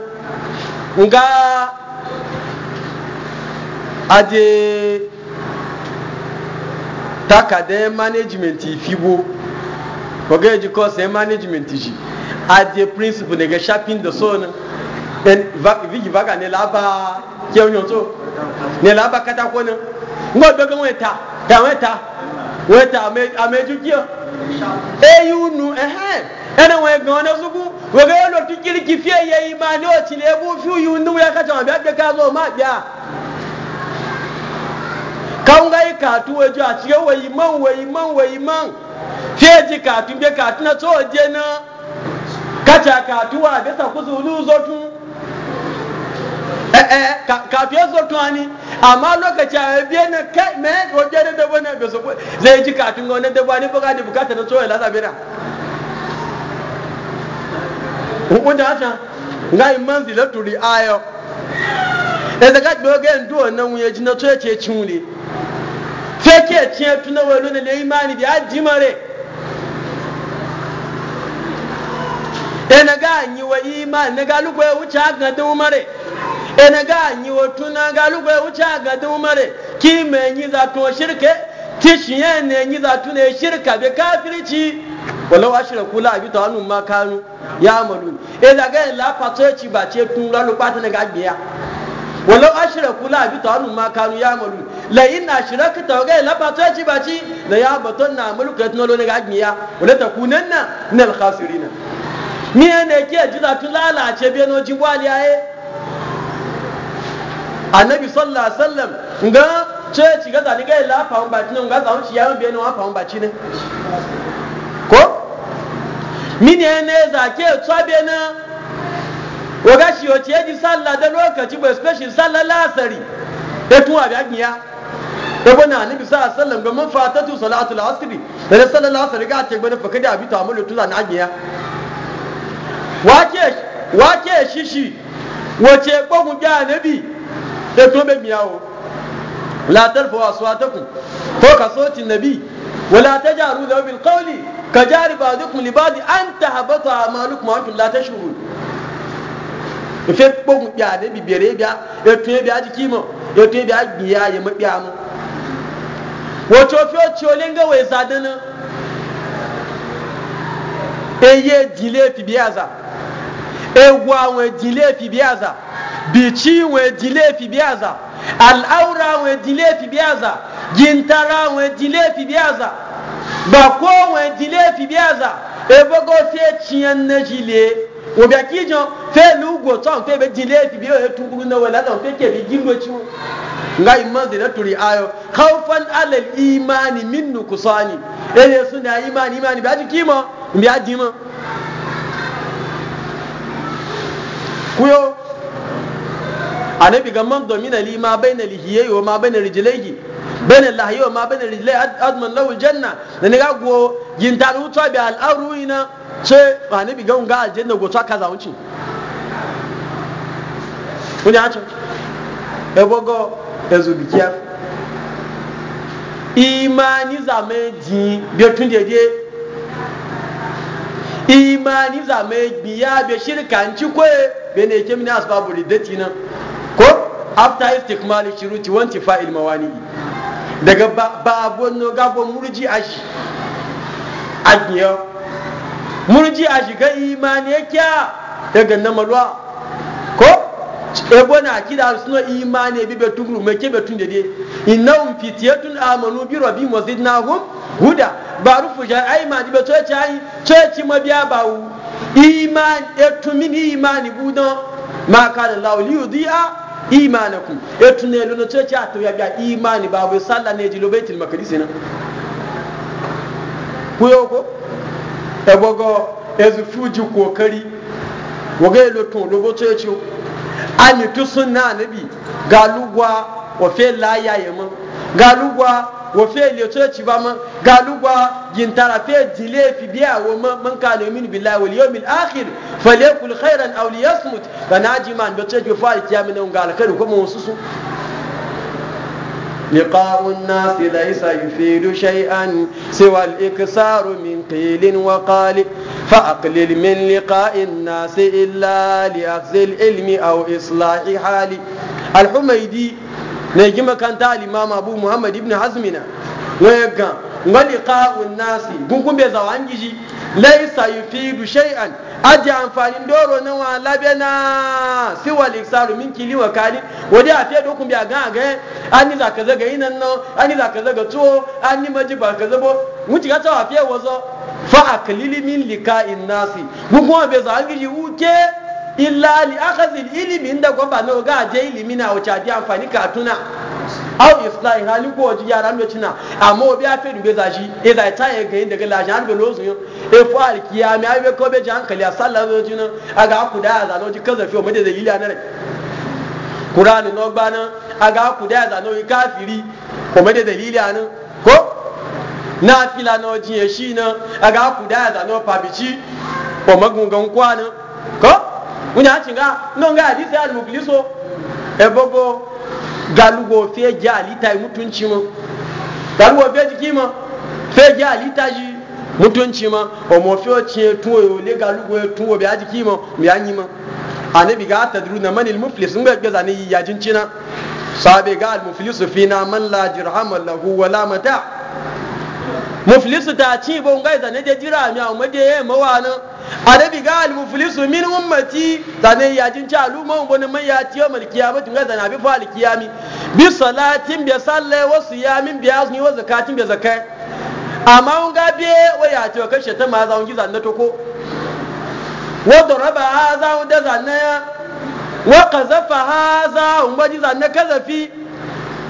nga aje takade management fibo waga yaji kosa management ji aje principle daga shopping da so na vigi vaga ne laba kyau so ne laba katako na nga dogon weta ta weta weta ameju kiyo eyu nu ehem ɛna wɔn egan ne sugu wɔn yɛ lɔtu kiriki fie yɛ yi ma ne ɔtsi ne ebu fiu yi nu ya kata wɔn bia de ka zɔ ma bia kawo eh, eh, ka yi kaatu wo edzo atsike wo yi man wo yi man wo yi man fie dzi kaatu na tso jena, na katsa kaatu wa abe sakoso olu zɔtu ɛɛ ka kaatu yɛ zɔtu amma lokaci a biye na kai mɛ o jɛ ne debo ne bɛ so ko zai ji kaatu ŋɔ ne debo ani fo ka di bukata ne tso ya lasa bi hukunta Nga ngai manzila turi ayo eza ka gbe oge ndu ona nwunye jina na to eche echi nwule feke echi etu na welu na le imani bi aji mare ena ga anyi wa imani na ga lugwe wuce aga da umare ena ga anyi wa tuna ga lugwe wuce aga da umare ki me nyi za to shirke ki shi ne nyi za tuna shirka be kafirci walau ashiraku kula abi tawanu ma kanu ya amalu e eh, da ga la pato ci ba ce tun lalu pata na gabiya walau ashiraku kula abi tawanu ma kanu ya amalu la in ashrakta ga la pato ci ba ci la ya baton na mulka tun lalu na gabiya wala takunanna min al khasirin ni ne ke ji da tun lalace be no jibwali aye annabi sallallahu alaihi nga ce ci ga da ni ga la fa ba ne ga za mu ya be no fa ba ci ne ko mini ne zake tsabe na waga shi wace yaji sallah da lokaci ba special sallah lasari da e tuwa da giya da e na annabi sallallahu alaihi wasallam ga man fatatu salatul asri da sallallahu asri ga ce bana fakada abi ta amalu tuzan agiya Wa ke shishi wace gbogun ga annabi da e to be miyawo la tarfu aswatakum fawqa sawti nabi wala tajaru bil qawli ka jari ba duk libadi an ta habata a maluk ma wantun la ta shuru fe biya ne bi bibiyare biya e e e ya tuye biya jiki ma ya tuye biya biya ya mabiya mu wato fi o ci olin gawa na? e ye dile fi biya za egwa wai dile fi biya za bici wai dile fi biya za al'aura wai dile fi biya za gintara wai dile fi biya za ba kowane dile fi biyaza ebogo fi ciyan na jile wo bia jan fe lugo ton fe be dile fi biyo e tukuru na wala ton fe ke bi gindo ci nga imma de na turi ayo khawfan ala al imani min nuqsani ele suna imani imani bi aji kimo bi aji mo kuyo anabi gamman domina lima bainal hiyayi wa ma bainal rijlaihi bene la ma bene rijle adman lahu janna da ne ga go yin ta rutu bi al arruina ce ba ne bi ga ga aljanna go ta kaza wuce kunya ta e bogo ezu bikia imani za meji bi tun de de imani za meji ya bi shirkan ci kwe bene kemni asbabu riddati nan ko after istikmal shuruti wanti fa'il mawani'i daga babon no gabo murji ashi agiyo murji ashi ga imani kya daga na malwa ko ebo na kida suna imani bi betun rume ke betun dede innahum fitiyatun amanu bi rabbihim wa zidnahum huda barufu ja imani ma di beto chai chai ma biya bawu iman etumin imani budon ma kana lawu liyudiya imanakum etu ne luno ce ce ato ya ga imani babu sallah ne jilo baitul maqdis na ku yau ko e bogo ezu fuji kokari waga elo to lobo ce ce ani tu sunna nabi galugwa wa fe la ya yamma galugwa wafe liyotore ci ba ma galugwa fe dile fi biya wa man ka min billahi wal yawmil akhir falyakul khairan aw liyasmut kana ji man do ce jofa ti ya min ngal kar ko mo susu liqa'un nas laysa yufidu shay'an siwa al iksaru min qilin wa qali fa aqlil min liqa'in nasi illa li akhzil ilmi aw islahi hali al humaydi na gima kanta al-imam abu muhammad ibn hazmina wani ga wani ka'un nasi gungun bai zawa an gishi laisa yufidu shay'an aje amfani doro na wa labena siwa liksaru min kili wa kali wadi a fiye dokun biya gan aga an ni zaka ga yinan nan an ni zaka ga tuwo an ni maji ba ka zabo mun ga tawa a fiye wazo fa aklili min lika'in nasi gungun bai zawa an gishi uke illa li akhadhi ilimi inda ba no ga je ilimi na o adi amfani katuna aw islahi hali ko ji yara mu tuna, amma obi afi dube za shi e da ta e ga inda ga la jan be lozu e fo al kiyami ay be ko be jan kali sallallahu alaihi wasallam aga ku da za no ji kaza fi o mede da ilia na re qur'an no gba na aga ku da za no kafiri o mede da ilia na ko na fila no ji e shi na aga ku da za no pabici o magungan kwa na ko wunya cinga no nga hadisi al mubliso e bogo galugo fe jali tai mutunci mu galugo fe jiki mu fe jali taji mutunci mu o mo fe oce tuwo yo le galugo e tuwo bi ajiki mu bi anyi mu anabi ga tadruna man al muflis ngba gaza ne yajin cina sabe ga al muflis na man la jirham lahu wala mata muflis ta ci bo ngai zane je jira mi amma de mawana bi ga almuflisu min ummati zane ya jin ci aluma un bonin man ya ci yawmal qiyamati ga zana bi fa alqiyami bi salatin bi salle wa siyamin bi azni wa zakatin bi zakai amma un ga bi wa ya ci kashe ta ma za un na toko wa daraba hadha wa da zanna wa qazafa hadha un ba giza na kazafi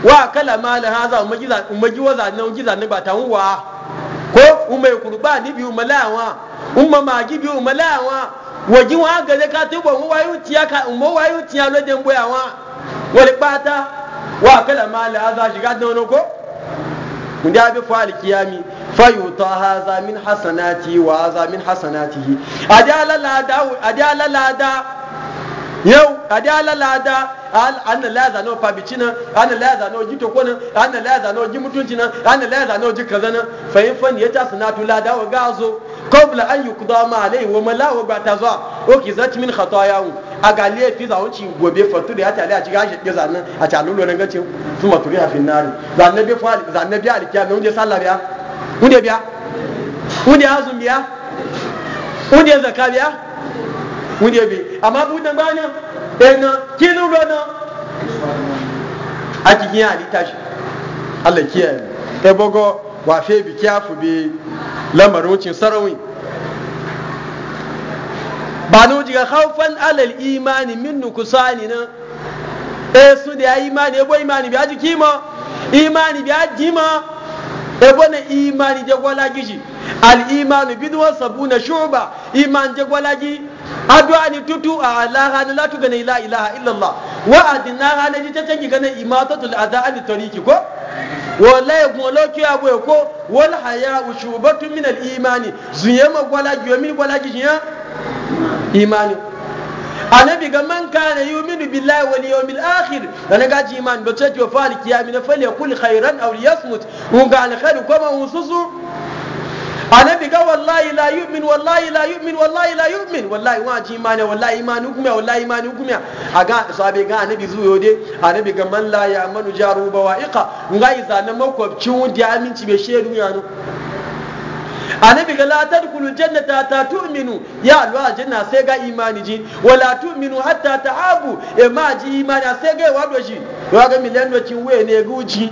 wa kala mala hadha un giza ji giza na un giza na ba tawwa ko umay kurba ni bi umala wa umma magi bi umma la wa wogi wa ga ka ti bo wa yu tiya ka umma wa yu tiya lo den boya wa le pata wa kala mala shi shiga don ko mun da bi fa al fa yuta haza min hasanati wa haza min hasanatihi adala da. adala da yau adi ala lada an na laza na, fabici nan an na laza no ji toko nan an na laza no ji mutunci nan an na laza ji kaza nan fahimfani ya ta sanatu lada wa gazo qabla an yuqda ma alai wa mala wa ba ta za o ki zat min wu a galiye fi za ci gobe fatu da ya ta a cikin ashe ke zannan a ta lullo nan gacin su maturi a finnari zannan bi fa zannan bi sallah biya wunde biya mun je biya mun zakka biya mun biya. bi amma bu da bana ena kinu rana a cikin halitta shi Allah kiyaye mu Ta bogo wa fe bi kyafu bi lamarin wucin sarawi ba no jiga khawfan alal imani min nukusani na e su da imani ebo imani bi aji kima imani bi aji ma e na imani je gwalaji ji al imanu bidwa sabuna shuba iman je gwalaji addu'a ni tutu a alaha na latu gane la ilaha illallah wa adina ha na jita cangi gane imatatul adha ali tariki ko wala ya kuma loki ya boye ko wal haya ushubatu min al imani zuye ma gwala giyo min gwala giyo imani annabi ga man kana yu'minu billahi wal yawmil akhir dan ga ji iman do ce to fali kiyami na fali kul khairan aw yasmut un ga al khairu kuma ususu anabi ga wallahi la yu'min wallahi la yu'min wallahi la yu'min wallahi wa ji imani wallahi imani kuma wallahi imani kuma aga sahabe ga anabi zuyo de anabi ga man la manu jaru bawa'iqa ngai makwabci makwabcin wudi aminci be shedu yanu annabi ga la tadkhulu jannata ta tu'minu ya alwa janna sai ga imani ji wala tu'minu hatta ta'abu e ma ji imani sai ga wado shi wa ga milan wacin we ne guji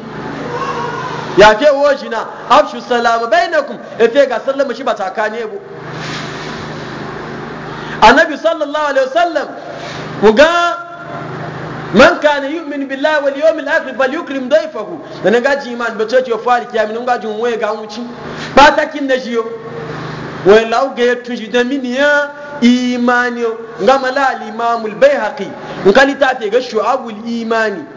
ya ke woji na bai na bainakum ife ga sallama shi ba takane bu annabi sallallahu alaihi wasallam ku ga man kana yu'min billahi wal yawmil akhir falyukrim dayfahu da na gaji iman da ce fari kiyami nun gaji ji waye ga mu ci ba takin na jiyo wai lau ga ya tunji da ya imani ga malal imamul haƙi. in kalita ta ga shu'abul imani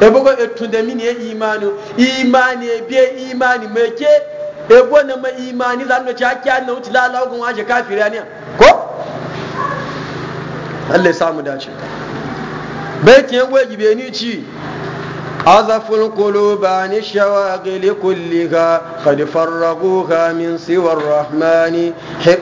ebogo etunde mini ye imani imani ebiye imani meke ebo na ma imani zanno ci akiya na wuce lala ogun wa je kafira ko Allah ya samu dace baitin yan gwaji bai ni ci azaful القلوب عن الشواغل كلها قد فرغوها من سوى الرحمن حق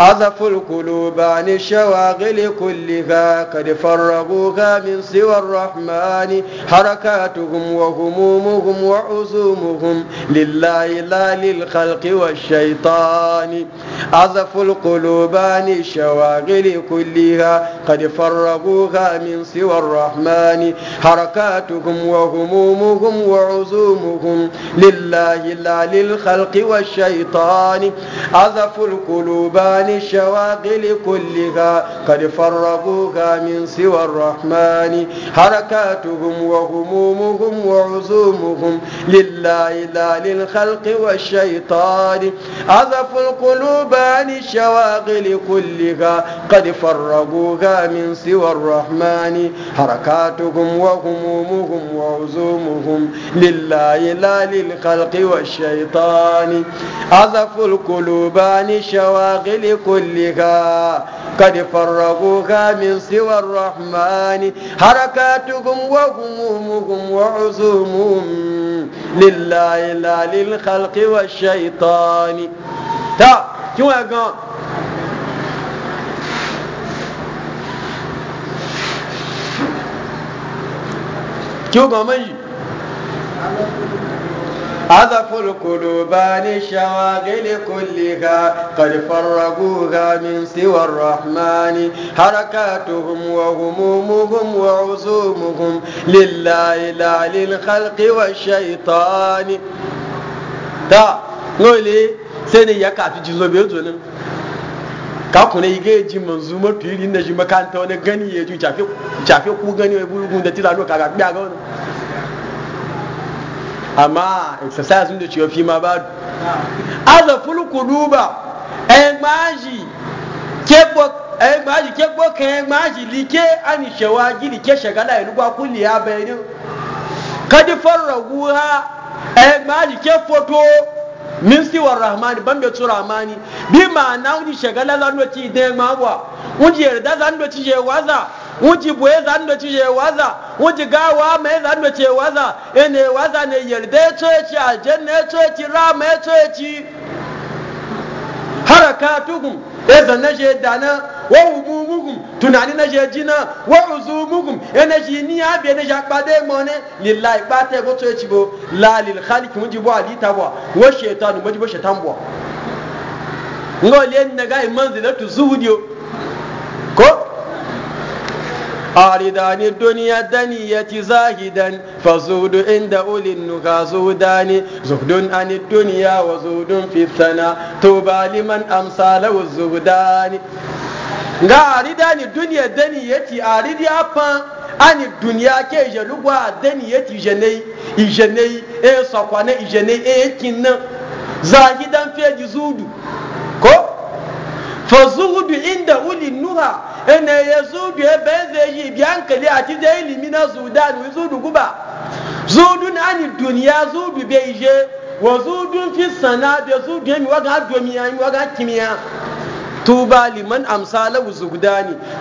عزف القلوب عن الشواغل كلها قد فرغوها من سوى الرحمن حركاتهم وهمومهم وعزومهم لله لا للخلق والشيطان عزف القلوب عن الشواغل كلها قد فرغوها من سوى الرحمن حركاتهم وهمومهم وعزومهم لله لا للخلق والشيطان عزف القلوب عن عن الشواغل كلها قد فرغوها من سوى الرحمن حركاتهم وهمومهم وعزومهم لله لا للخلق والشيطان عذفوا القلوب عن الشواغل كلها قد فرغوها من سوى الرحمن حركاتهم وهمومهم وعزومهم لله لا للخلق والشيطان عذفوا القلوب عن الشواغل كلها قد فرغوها من سوى الرحمن حركاتهم وهمومهم وعزومهم لله لا للخلق والشيطان تا شو شو قام عذف القلوبان الشواغل كلها قد فرقوها من سوى الرحمن حركاتهم وهمومهم وعزومهم لله لا للخلق والشيطان تا نولي سيني يكا في جزو بيوتو ka kuna yi gaji manzu mafi irin da shi makanta wani gani ya ju jafe ku gani wai buru gun da tilano kaga biya ga wani amma exercise da ciwo fi ma ba aza ku duba ẹgbàájì kébọ́ kan ẹgbàájì líké àníṣẹ́wà gíríké ṣẹ̀gálà ìlúgbà kúlì abẹ́rin kadi farra guha gbaji ke foto min wa rahmani ban bai rahmani mani bi ma'ana wani shagala zanuwa ci idan ya mawa da yarda zanuwa ci je waza wuji buye zan da ci waza wuji gawa mai zan da ce waza ene waza ne yarda ya ce ci e aljanna ya ce ci e rama ya ce ci e harakatukum ya zanna shi dana wa umumukum tunani na shi jina wa uzumukum ya ji shi ni ya biya na shi akpade mone lillahi ba ta go to ci bo la lil khaliq wuji bo alita bo wa shaytanu wuji bo shaytan bo ngol yen na ga manzilatu zuhudiyo ko عن الدنيا الدنية زاهدا فزود عند أولي النكا زودان زهد عن الدنيا وزود في الثناء توبى لمن أمسى له الزهدان nga arida ni duniya dani yeti aridi apa ani duniya ke je lugwa dani yeti i jene e sokwane jene e kinna zahidan fi zudu ko fa zudu inda uli nuha ene ya zudu ya benze yi biyan kali a da ilimi na zudan wi zudu guba na ani duniya zudu bai je wa zudun fi sana da zudu yami waga domiya yami waga kimiya tuba liman amsala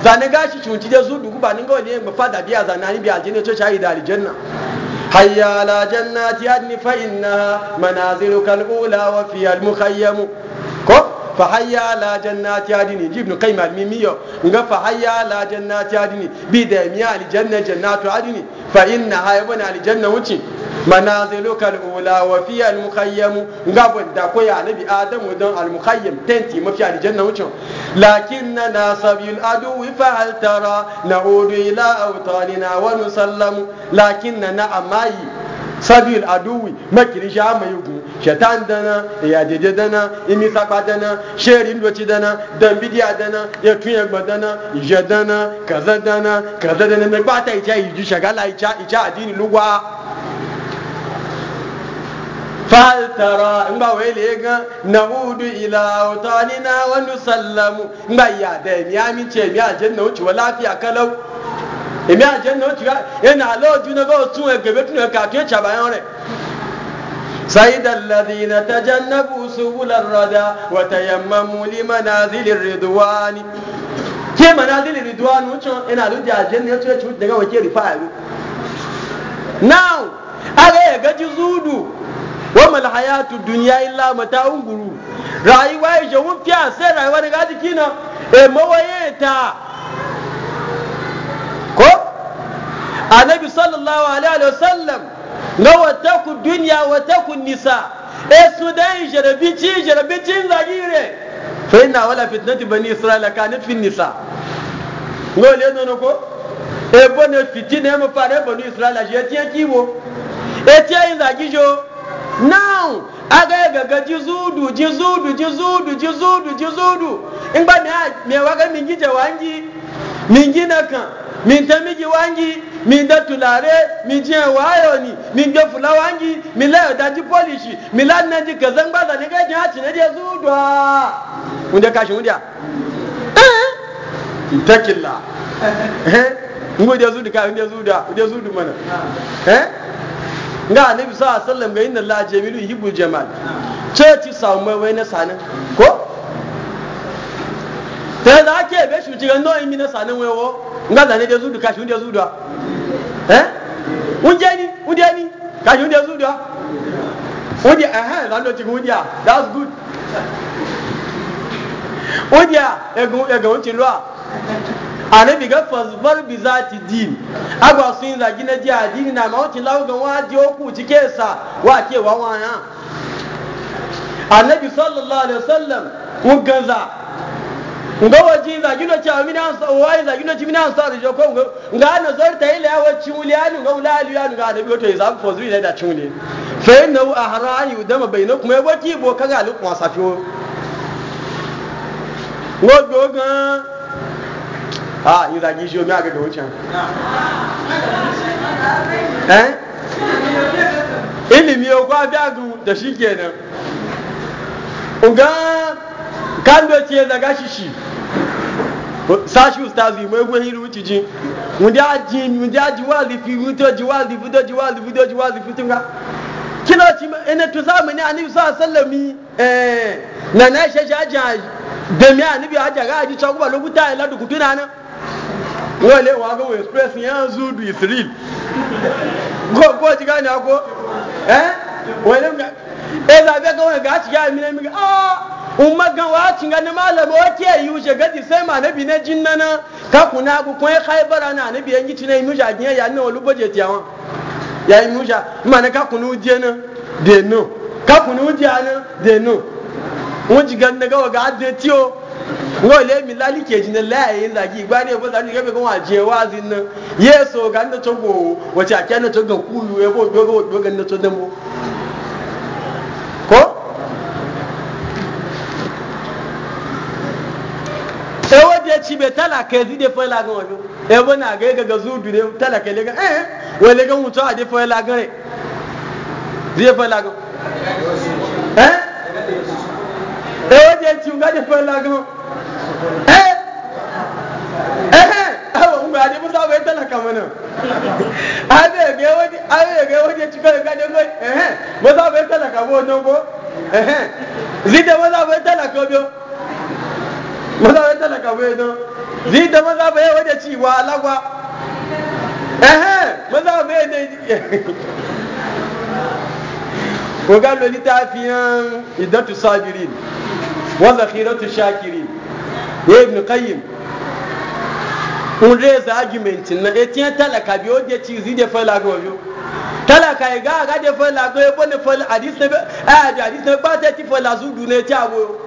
zane gashi cunci da zudu guba ninga wani ba fada biya zanani biya aljanna to shahi da aljanna حي على جنات عدن فإنها منازلك الأولى وفيها المخيم كو fahayya la jannati adini jibnu qayyim mimiyo nga fahayya la jannati adini bi da mi al janna jannatu adini fa inna haybuna al janna wuci manaziluka al-ula wa fi al nga bon da koya nabi adamu don al-muqayyam tenti mafi janna wucin lakinna nasabil adu fa hal tara na'udu ila awtanina wa nusallamu lakinna na amayi sabil adu makirisha mai shetan dana ya yajeje dana imi imisakpa dana sheri ndoci dana dambidiya dana ya gba dana ije dana kaza dana kaza dana mai kpata ija iji shagala ija ija adini lugwa faltara ngba wele ga na udu ila autanina wa nusallamu ngba ya da mi ami amince mi ajanna wuce wa lafiya kalau èmi àjẹ́ náà tìrá ẹ̀nà àlọ́ tun náà e bá òtún ẹgbẹ̀rẹ́ e tún ẹ̀ka àti ẹ̀chàbáyán re سيد الذين تجنبوا سبل الردى وتيمموا لمنازل الرضوان ke manazilin ridwan wucin ina lujja aljanna ya tuyaci daga wake rifa'u now aga ya gaji zudu wa mal hayatu dunya illa mata'un guru rayuwa ya jawun fiya sai rayuwa daga jikina e mawaye ta ko annabi sallallahu alaihi wasallam ga wataku duniya wataku nisa e su dai jarabi ci jarabi ci zagire fa inna wala fitnati bani isra'ila kanat fi nisa ngo le nono ko e bone fitine mo fare bani isra'ila je tie kiwo e tie zagijo now aga e ga jizudu jizudu jizudu jizudu jizudu in ba ne me waga mingi jawangi mingi na kan min ta migi wangi min da tulare min jiyan wayo ni min ga fula wangi min la da ji polishi min la na ji gazan ba zane ga jiya ci na je zu da mun da kashi mun da eh takilla eh mun da zu da ka mun da zu da mun da zu da mana ah. eh ga annabi sallallahu alaihi wasallam ga inna allaha jamilu yuhibbul jamal ce ci samu mai wai na sanin ko te da ake ebe shi cikin ndo imi na sanin wewo nga zane da zudu kashi unde zudu eh unje ni unde ni kashi unde zudu unde eh, eh zan do cikin unde that's good unde egun egun unti a. anabi ga fasbar bi zati din agwa sun zagi na ji a adini na ma wuce lawo ga waje oku cike sa wa ke wa wana annabi sallallahu alaihi wasallam ugaza nga waji za gino ci amina sa wai za gino ci mina sa rijo ko nga na zor eh? ta ila wa ci uliyanu nga uliyanu nga da biyo to izam fo zuri da cuni fa inna ahra an yudama bainakum ya wati bo kaga lu kwa safiyo wo go gan ha yin za gijo mi aga do chan eh ilimi yau gwa biagu da shikenan ugan kan do ce daga shishi sashi ustazu mai gwe hiru wuce ji wunde aji wunde aji wazi fi wuto ji wazi fi do ji wazi fi do ji wazi fi tunga kina ci ina to zamani annabi sallallahu alaihi wasallam eh na na shaji aji da mi annabi aji aji cha kuma lokuta ila du kutuna na wale wa ga express yan zudu israel go go ji gani ako eh wale ga eh da ga ga ci ga mi ne mi umma gan cin ga malama wake yi wuce gadi sai ma nabi na jinnana ka kuna ku kun kai na nabi yan gitina yi nuja gin ya na wani baje tiyawan ya yi nuja ma ne ka kunu je na de no ka kunu je na de no won ji gan daga wa ga de o ngo le mi lali ke jin la yi la gi gba ne bo da ni ga be ko wa je wa zin na yeso ga na to go wace akena to ga kulu e bo go e go e ga na to demo ci bai talaka yanzu dai fai lagan wajo ya ba na gai gaga zudu ne talaka ya eh wai lagan mutu a dai fai lagan rai zai fai lagan eh eh wajen ci ga dai fai lagan eh eh eh awa unga dai mun da bai talaka mana a abe ga a abe ga wani ci ga ga dai eh, eh mun da bai talaka bo nogo eh zai da mun da bai talaka biyo maza wai talaka bai don zai da maza bai yawa da ci wa alagwa ehe maza bai da ko ga lo litafiyan idatu sabirin wa zakhiratu shakirin ya ibn qayyim un raise argument na e eh, tiyan talaka bi o de ci zai da fala ga wajo talaka ya ga ga da fala ga ya bone fala hadis ne ba eh, hadis ne ba ta ci fala su dune ta go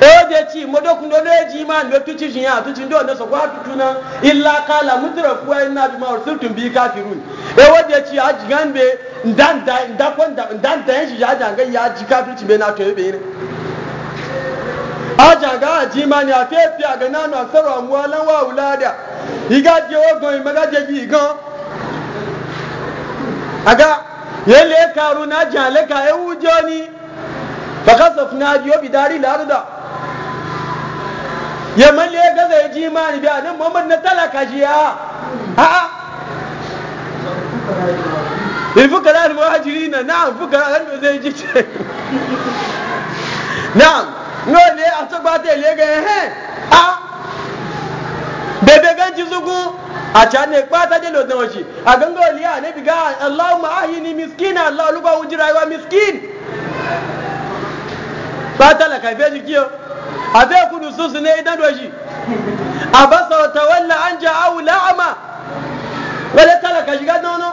oje ci modok ndodo ji ma ci tuci jinya tuci ndo ndo sokwa tutuna illa kala, qala mutrafu wa inna bima tun bi kafirun e waje ci aji gambe ndan da nda ko nda ndan da shi ya ga ya ji ci be na to e be ne ja ga ji ma ni a ga na no asaro amwalan wa ulada iga je ogon imaga je ji gan aga le karuna le ka ewujoni fakasafna biyo bidari larda ya malle ya gaza ya ji imani biya nan mamman na talaka jiya a'a الفقراء المهاجرين نعم فقراء المهاجرين ta نقول لي ga ya he, ha, bebe ganci zugu a can ne kwata da lodin wace a ganga ya ne biga Allahu ni miskin Allah luba wujira yawa miskin ba talaka fe jiki abe kudu susu ne idan doji a basa wata walla an ja awu la'ama wadda talaka shiga nono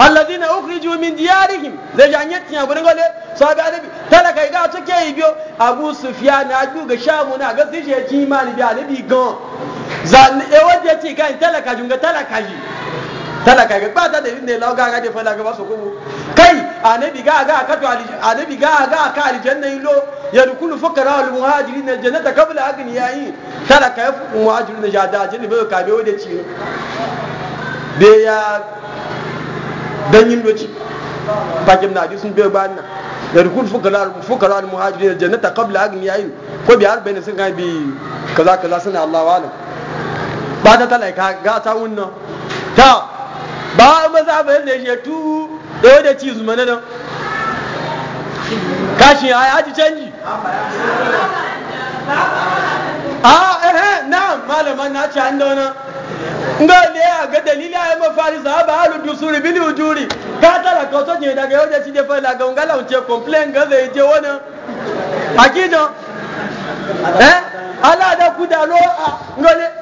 allazina ukhriju min diyarihim zai ji anya tiya gurin gole abi adabi talaka ga take yi biyo abu sufyan aju ga shamu na ga sije ji imani bi adabi gan zan ne wadda ce kan talaka ga talaka ji talaka ga ba ta da yin ne lau ga gaje fala ga basu kubu kai anabi ga ga ka to anabi ga ga ka aljanna yilo dukulu fuqara wal muhajirin aljannata qabla aghniyai talaka ya muhajirin ja da jini bai ka bai wade ci be ya dan yin doci bakin na sun bai ba nan yadkhulu fuqara fuqara wal muhajirin aljannata qabla yayi ko bi arba'in sun ga bi kaza kaza suna Allah wa'ala ba ta talaka ga ta wunna ta ba a maza ba yadda ya tu da wadda ci zuma na nan kashi a haji canji a ah, ehe eh, na malaman na ci an dauna nga ne a ga dalili a yi mafari sa ba halu dusuri bili ujuri ka tara ka wato ne daga yadda ci da fara ga ungala wuce complain ga zai je wani hakino eh ala da ku da lo ah, a ngole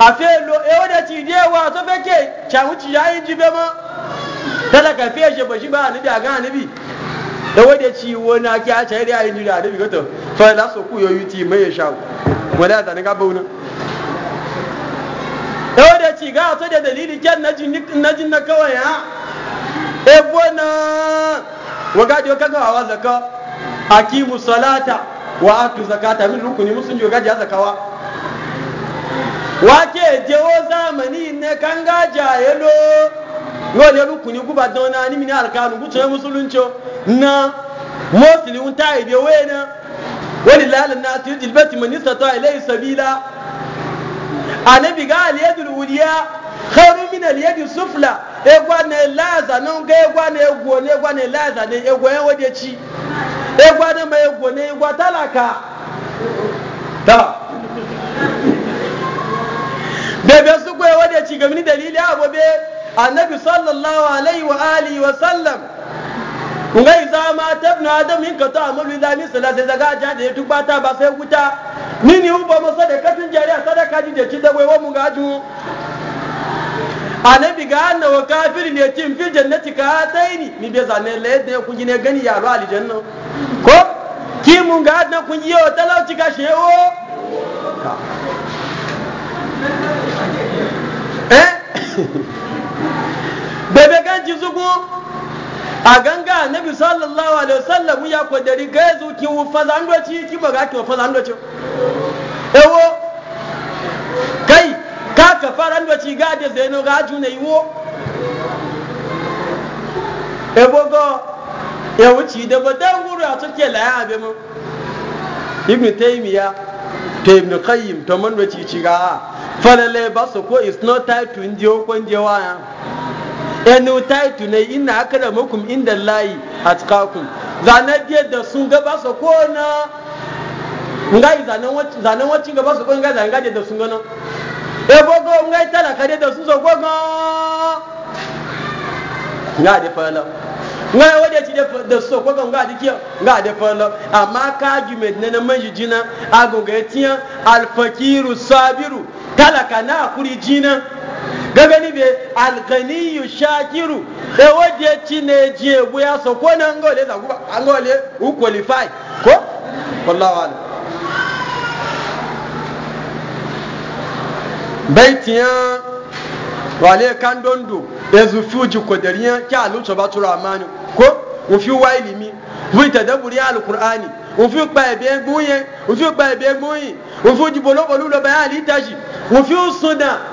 afe lo e wada ci je wa to feke chahu ci yayi jibe ma talaka fe je bashi ba ni da ga bi e da wada ci wona ki a tare yayi jira da bigo to fa la so ku yo yuti mai sha wada da ni e ga bauna da wada ci ga so da dalili kyan na jin na jin na kawai ha e bona waga ka ga wa zakka aqimu salata wa atu zakata min rukuni musun jo gaji zakawa wake jewo zamani ne kan gaja yelo yo ne rukuni guba dona ni mini alkanu gutu ne musulunci na mosli un ta ibe wena wani lalan na asiri jilbati man yastata ilayhi sabila anabi ga al yadul wuliya khairu min al yadi sufla e ne laza non ga e ne e gwana e gwana laza ne e gwana wode ci e gwana ma e gwana e talaka ta bebe su goye wadda ci mini dalili a gobe annabi sallallahu alaihi wa alihi wa sallam Ngai za ma tabna adam in ka ta malu da ni sala sai daga ja da tu bata ba sai wuta ni u ba masa da katin jariya sadaka ji da ci da waiwa mu gaju annabi ga wa kafir ne cin fi jannati ka taini mi be zane le da kun gine gani ya ro janna ko ki mun ga na kun yi wa talauci ka shewo Eh? bebe ganci zugu a ganga annabi sallallahu alaihi wasallam ya kodari ga yanzu ki wufa zandoci ki ba ga ki wufa zandoci ewo kai ka ka farandoci ga da zaino ga juna yiwo go ya wuce da badan guru a suke laya abe mu ibn taymiya ta ibn qayyim to man a. ci ga falale ba su ko is no tied to ndi okwo waya enu tied to ne inna akramakum inda layi atqakum zane die da sun ga ba su ko na ngai zane wacce zane wacce ga ba ngai zane gaje da sun ga na e bogo ngai tala kare da sun so gogo nga de fala ngai wade ci de da so ko ga ngadi kiyo nga de fala amma ka argument ne na manji jina agoga tiya al sabiru talaka na kuri jina gagani be alganiyu shakiru e waje ci ne ji ebu ya so ko na ngole za guba ngole u qualify ko wallahi wala baitiya wale kan dondo ezu fuji kodariyan ki alu so batura amani ko ofi wa ilimi wi tadabburi alqur'ani ofi pa ebe egun yen ofi pa ebe egun wofi jibolo bolu lo baya ali daji wofi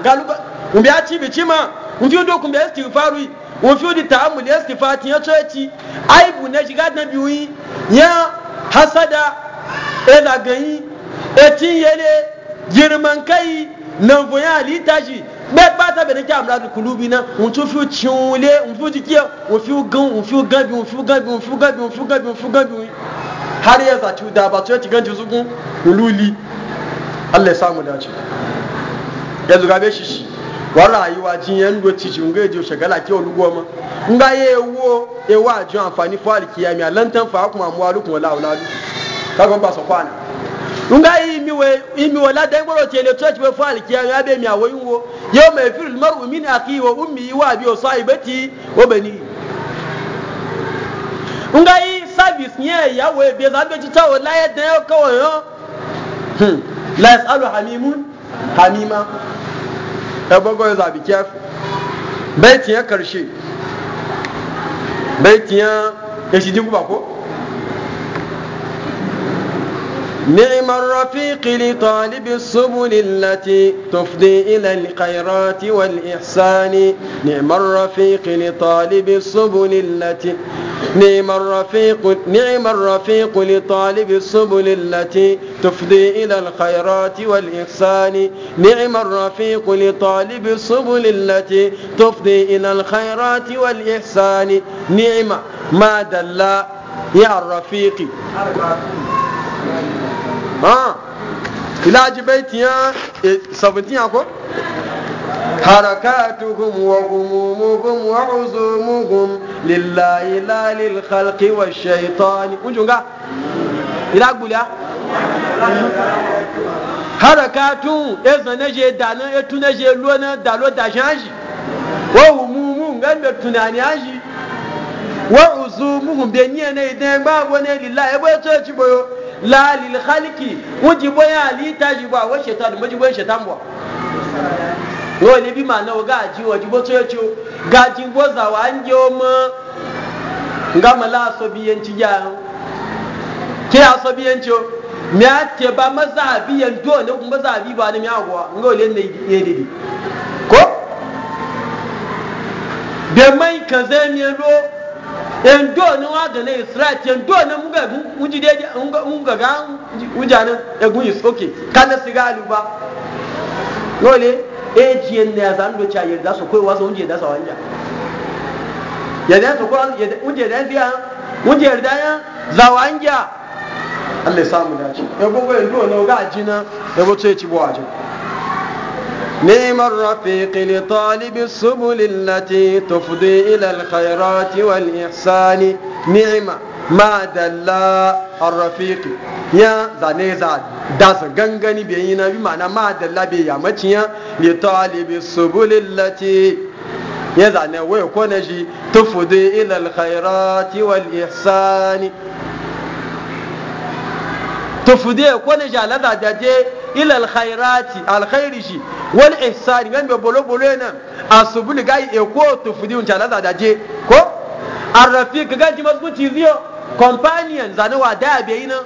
galuba umbi achi bichima umbi ndo kumbe istighfaru wofi odi taamuli istighfati ya cheti aibu na shiga na biwi ya hasada ela gayi eti yele girman kai nan voya ali daji be pata be nake amra kulubi na un tu fi chule un fi dikia un gan un gan bi un gan bi un gan bi un gan bi un gan bi har ya za da ba tu ti gan ti sugun ululi Allah ya samu dace yanzu gabe shi shi wa rayuwa jin yan do tiji nga je shagala ke olugo ma nga ye wo e wa jo amfani fo alkiyami alantan fa kuma mu alukum wala auladu ka gon ba so kwana nga yi mi we imi wala dai gboro te le church be fo alkiyami abe mi awo yinwo yo ma firul mar'u min akhi wa ummi wa bi wa sahibati wa bani nga yi service nye yawo ebe za be ti tawo la ye dan ko yo hmm la yasalu hamimun hamima ya bago ya zabi kyaf baitin ya karshe baitin ya ya shi ba ko نعم الرفيق لطالب السبل التي تفضي إلى الخيرات والإحسان نعم الرفيق لطالب السبل التي نعم الرفيق نعم الرفيق لطالب السبل التي تفضي إلى الخيرات والإحسان نعم الرفيق لطالب السبل التي تفضي إلى الخيرات والإحسان نعم ما دل يا الرفيق ha ilaji baitiya 17 e, ko حركاتهم وغمومهم dana lona dalo wa ngambe tunani wa idan gbawo lillahi ebo eto la lil khalqi wajibo ya li tajiba wa shaitan majibo ya shaitan bo wo le bi ma na o gaji bo to Ga gaji bo za wa nje o mo nga mala so bi ti ja ke so bi yanci cho mi a te ba bi yan do ne za bi ba ne mi agwa nga o le ne yedidi ko de mai kan ze mi lo yando ni wa ga na israel yando na muga muji de muga muga ga ujanan egun is okay kana sigalu ba lole ejiyen ne zan do cha yadda so koi wazo unje da sa wanja yadda so koi unje da fiya unje da ya za wanja Allah ya samu dace ya gogo yando na ga ajina da wato ya ci bo ajina نعم الرفيق لطالب السبل التي تفضي إلى الخيرات والإحسان نعم ما دل الرفيق يا زانيزا داس غنغني بينا بمعنى ما دل بيا متيا لطالب السبل التي يا زاني ويكونجي تفضي إلى الخيرات والإحسان تفضي كونجي على ذا إلى الخيرات الخير شي wani ihsani wani bolo bolo yana asubuli gai e ko tufudi un chala da je ko arrafiq ga ji mazguci ziyo companion zane wa da yi nan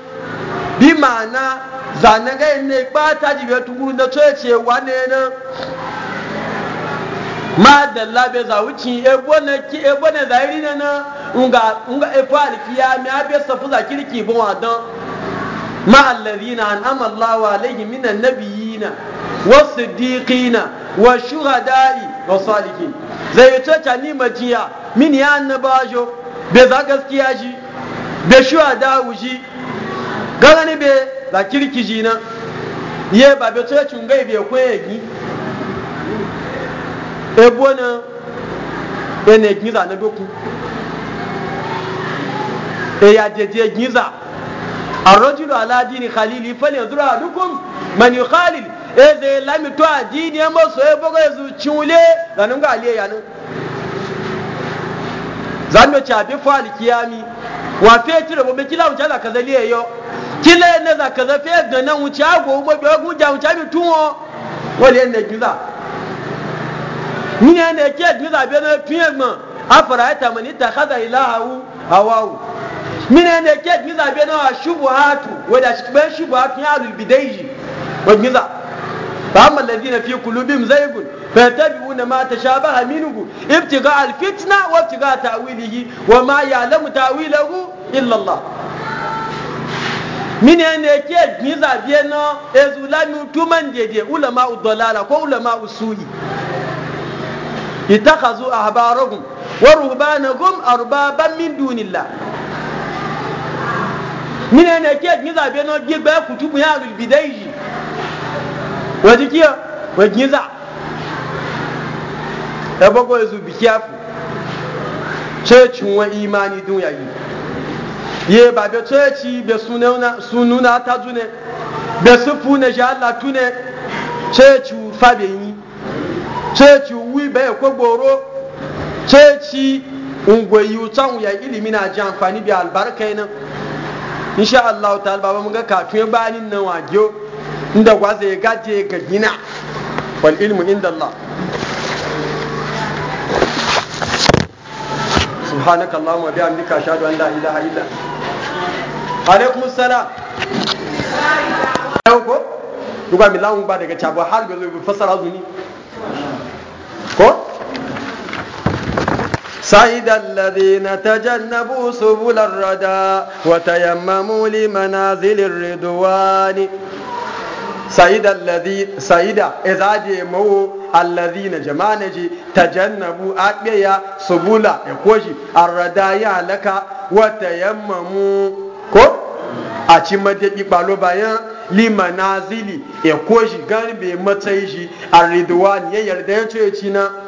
bi mana zane ga ne ta ji be tukuru na cece wane na ma da labe za wuci ebo na ki ebo na zairi na na nga nga e fa alkiya mi abe safu za kirki bon adan ma allazina an'ama Allahu alaihim minan nabiyina والصديقين والشهداء والصالحين zai ta tani majiya min ya annabajo be za gaskiya ji be shuwa da wuji gani be za kirkiji na. ye ba be ta cungai be E ene giza na doku e ya jeje giza aladini على دين خليله فلينظر احدكم من eze lami to adini ya maso ya bago ya zuci wule zanen ga aliyu yanin zanen ci abin fa alikiyami wa fe ci da bobe kila wuce za ka zali yayo kila yadda zaka ka zafi yadda nan wuce ago ugbo biyo guja wuce abin tuwo wani yadda giza ni ne ne ke giza biyo na fiye ma a fara ya tamani ta kaza ilahawu hawawu min ne ke giza biyo na wa shubu hatu wadda shi ban shubu hatu ya alulbidaiji wa giza فأما الذين في قلوبهم زيغ فيتبعون ما تشابه منه ابتغاء الفتنة وابتغاء تأويله وما يعلم تأويله إلا الله min yana yake ni zabiye na ezula mi tuman dede ulama udalala ko ulama usuli itakazu ahbarahum wa ruhbanahum arbaban min dunillah min yana yake ni na gbegbe kutubu ya waje kiya wagiza ya bago ya zubi kiyafu cecin wa imani dun yayi ye ba be ceci be sununa ta june be sufu ne ja Allah tune ceci fa be yi ceci wi bai ko ceci ungwayi utan ya ilimi na ji amfani bi albarka yana insha Allah ta'ala baba mun ga katun bayanin nan wa giyo inda kwa sai gaje ga gina wal ilmu inda Allah subhanaka Allahumma bi bihamdika ashhadu an la ilaha illa alaikum salam yau ko duka mi lawun ba daga cabo har ga zai fasara zuni ko سيد الذين تجنبوا سبل الردى وتيمموا لمنازل الرضوان sa'ida iza mawo allazi na jama'a ji ta jannabu a ɓeya subula ya koji arrada ya halaka wata yammamu ko a ci madadi balo bayan lima nazili ya koji garbe matsayi shi arriduwa ya yarda ya ce ci na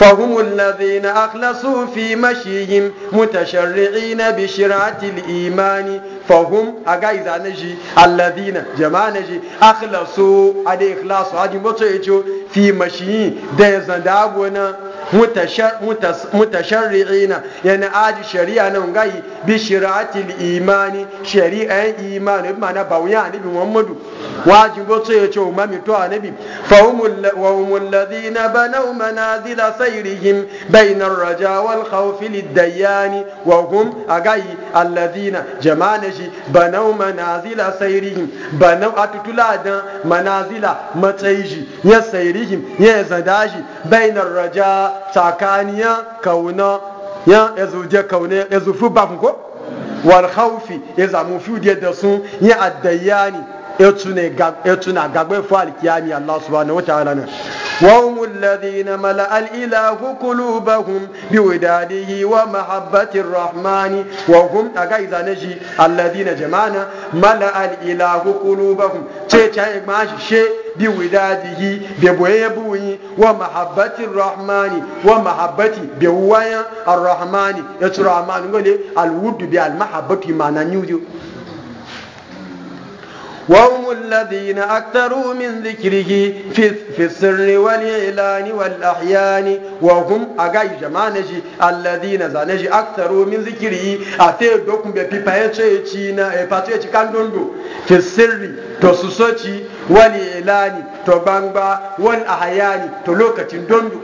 فهم الذين أخلصوا في مشيهم متشرعين بشرعة الإيمان فهم أجايز نجي الذين جماعة نجي أخلصوا على إخلاص هذه في مشيهم ده زندابونا mutasharri'ina yana aji shari'a nan gai bi shira'atil imani shari'an imani mana ba wuya annabi muhammadu wajin go sai ya ce umma mi to annabi fa humul ladina banaw manazila sayrihim bayna ar-raja wal khawf lid-dayani wa hum agai alladina jama'ana shi banaw manazila sayrihim banaw atutula dan manazila matsayi shi ya sayrihim ya zadashi bayna ar-raja tsakaniya kauna ya ezuje kauna ezufu ba ko wal khawfi ezamu fi da sun ya addayani etu na gagbe fa alkiyami Allah subhanahu wa ta'ala ne وهم الذين ملأ الإله قلوبهم بوداده ومحبة الرحمن وهم أجايزا نجي الذين جمعنا ملأ الإله قلوبهم تيتشاي ماشي شيء biwidadihi beboye buyi wa mahabbati rahmani wa mahabbati bewaya arrahmani yatu rahmani ngole alwudu bi almahabbati وهم الذين أكثروا من ذكره في, في السر والإعلان والأحيان وهم أغاية جماعة نجي الذين زانجي أكثروا من ذكره أثير دوكم ببيباية تشينا إباتية كاندوندو في السر تسوسوتي والإعلان تبانبا والأحيان تلوكة دوندو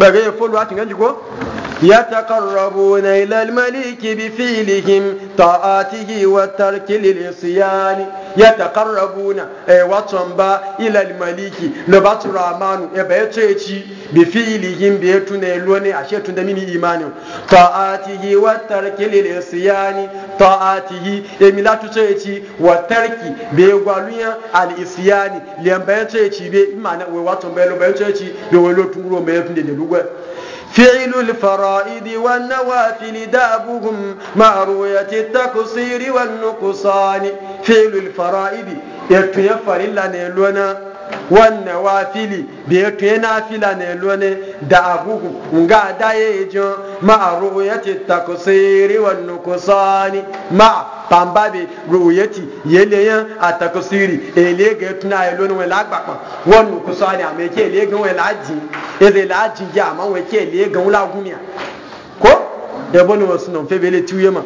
بغي فولوات نجيكو يتقربون إلى الملك بفعلهم طاعته والترك للعصيان يتقربون أي وطنبا إلى الملك نبات رامان يبيتشي بفعلهم بيتون لوني أشياء دمين إيمان طاعته والترك للعصيان طاعته يملا تشيتي والترك بيوالويا العصيان لأن بيتشي بي إما واتنبا لبيتشي بيولو تنغرو ميتون دلوغو فعل الفرائض والنوافل دابهم مع رؤية التقصير والنقصان فعل الفرائض يكفي فرلا نيلونا wannan wafili da ya tuye na fila ne lone da agugu nga da ya yi jin ma'a ru'uyati takusiri wa nukusani ma'a pamba be ru'uyati yeleyan a takusiri elege tuna ya lone wani lagbakpa wa nukusani a meke elege wani laji eze laji ya ma wani ke elege wani lagumiya ko ebo ni wasu nan febele tiye ma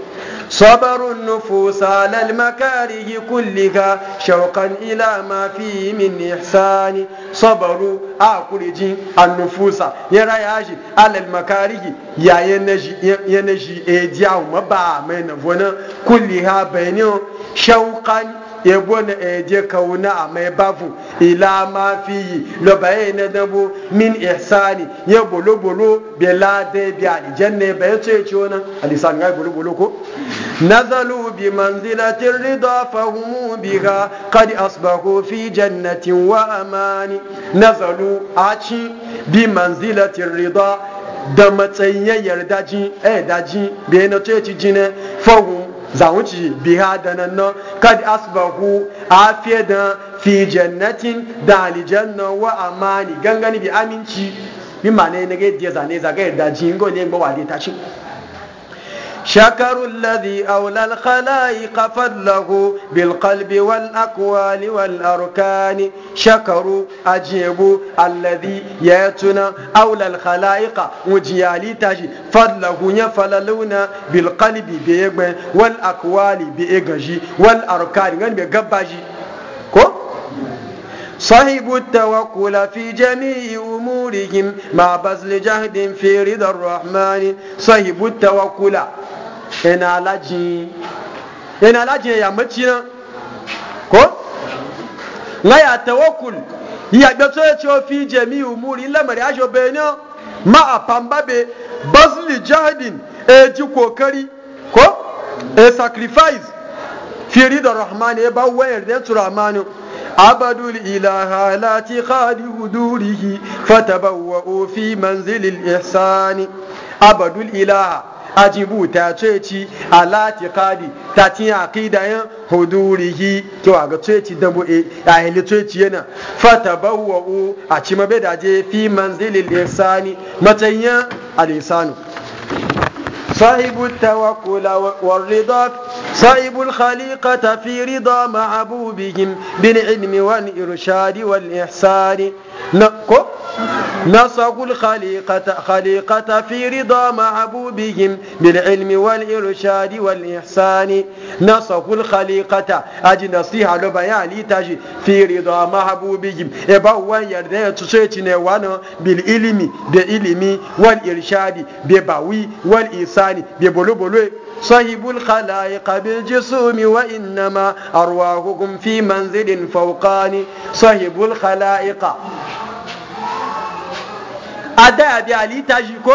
صبر النفوس على المكاره كلها شوقا إلى ما فيه من إحسان صبر أقول جين النفوس يرى ياجي على المكاره يا ينجي ينجي إيديا وما با من كلها بينهم شوقا ebo na eje eh, kauna a mai babu ila ma fi lo baye na dabo min ihsani ya bolo bolo bi la de baye ce ce alisan ga bolo bolo ko nazalu bi manzilati rida fa hum biha qad asbahu fi jannatin wa amani nazalu aci bi manzilati rida da matsayin yarda eh daji bi na ce ci jine fahum za wuci biha da nan kad asbahu afiya da fi jannatin da alijanna wa amani gangani bi aminci bi ma ne ga yadda zane zaga yadda jingo ne ba wade ta ci شكر الذي أولى الخلائق فضله بالقلب والأقوال والأركان شكر أجيب الذي ياتنا أولى الخلائق وجيالي تاجي فضله يفللون بالقلب بيغم والأقوال بيغجي والأركان غن بيغباجي كو صاحب التوكل في جميع أمورهم مع بذل جهد في رضا الرحمن صاحب التوكل yana alaji yana alaji ya maci nan ko na ya tawakkul ya ya ce fi jami'i umuri lamari ajo bayanin ma a pambabe basli jahadin e ji kokari ko e sacrifice firi da rahmani ya e ba wayar da turamani abadul ilaha lati khadi hudurihi fatabawwa fi manzilil ihsani abadul ilaha ajibu ta ce ci ala ti kadi ta ti akida yin hudurihi to a ga ce ci eh, a hili ce yana fata bawa u a ci mabe da je fi manzilin lisani matanya alisanu sahibu tawakkula war rida sahibu alkhaliqata fi rida ma abubihim bil ilmi wal irshadi wal ihsani na ko نسخوا الخليقة خليقة في رضا معبوبهم بالعلم والإرشاد والإحسان نسخوا الخليقة أجي نصيحة لبيا لتجي في رضا معبوبهم إبا وان يرده تسيتنا وانا بالإلم بالإلم والإرشاد بباوي والإحسان ببلو بلو صاحب الخلائق بالجسوم وإنما أرواحكم في منزل فوقاني صاحب الخلائق ya bi ali tashi ko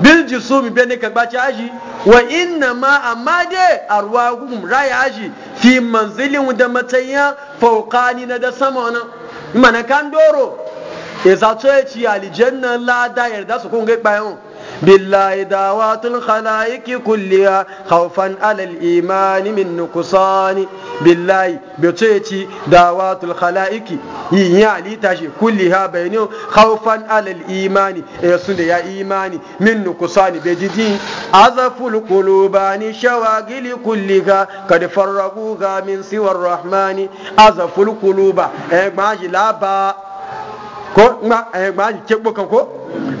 bil jisumi bi ne karba ci aji wa inna ma amma de arwahum raya aji fi manzilin da matayya fawqani na da sama na. mana kan doro ya zato ya ci aljanna lada yarda su kun ga bayan بالله دعوات الخلائق كلها خوفا على الإيمان من نقصان بالله بتيتي دعوات الخلائق يعني تاشي كلها بينهم خوفا على الإيمان يسند يا إيماني من نقصان بجدين عذف القلوب عن شواغل كلها قد فرقوها من سوى الرحمن عذف القلوب ماشي لا با ko ma eh maji kebo kan ko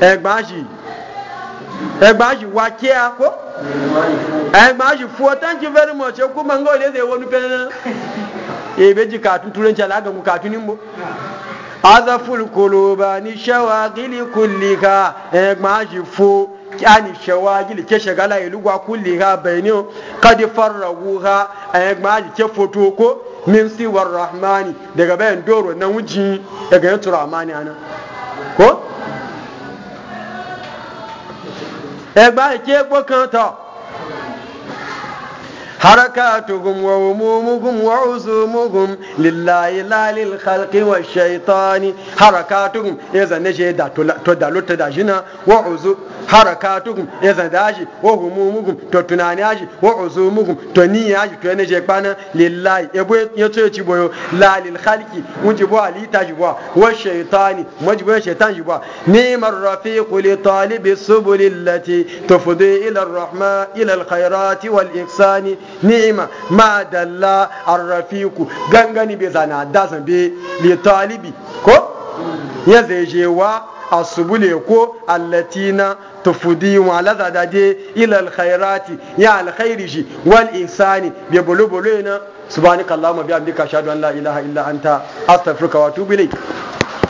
eh maji ẹgbàá yìí wá kí ẹ kó ẹgbàá yìí fún ọ thank you very much ẹ kú mọ nǹkan òde ìwọ ní pẹ́ẹ́nà èbèjì kàtú túrẹ́ ní ṣẹlẹ̀ àgànkù kàtú ní mbọ. azaful koloba ni ṣẹwa gili kulika ẹgbàá yìí fún kyani shewa gili ke shagala ilu gwa kulli ha bayni kad farrahu ha ayma ke foto ko min siwar rahmani daga bayan doro na wuji daga yantu rahmani ana ko ẹgbà ìkí egbó kan tọ̀. حركاتكم وهمومكم وعزومكم لله لا للخلق والشيطان حركاتكم اذا نجي دا تدلو تداجنا وعزو حركاتكم اذا داجي وهمومهم تتنانياجي وعزومهم تنياجي تنجي بانا لله يبو يتويتي بو لا للخلق ونجبوا علي تجبوا والشيطان مجبوا الشيطان جبوا نيم الرفيق لطالب السبل التي تفضي الى الرحمه الى الخيرات والاحسان ni'ima ma dalla arrafiku gangani be zana da san be li talibi ko ya zai je wa asubule ko allatina tufudi wa lazada de ila alkhairati ya alkhairi shi wal insani be bolo bolo na subhanakallahumma bihamdika ashhadu an la ilaha illa anta astaghfiruka wa atubu ilayk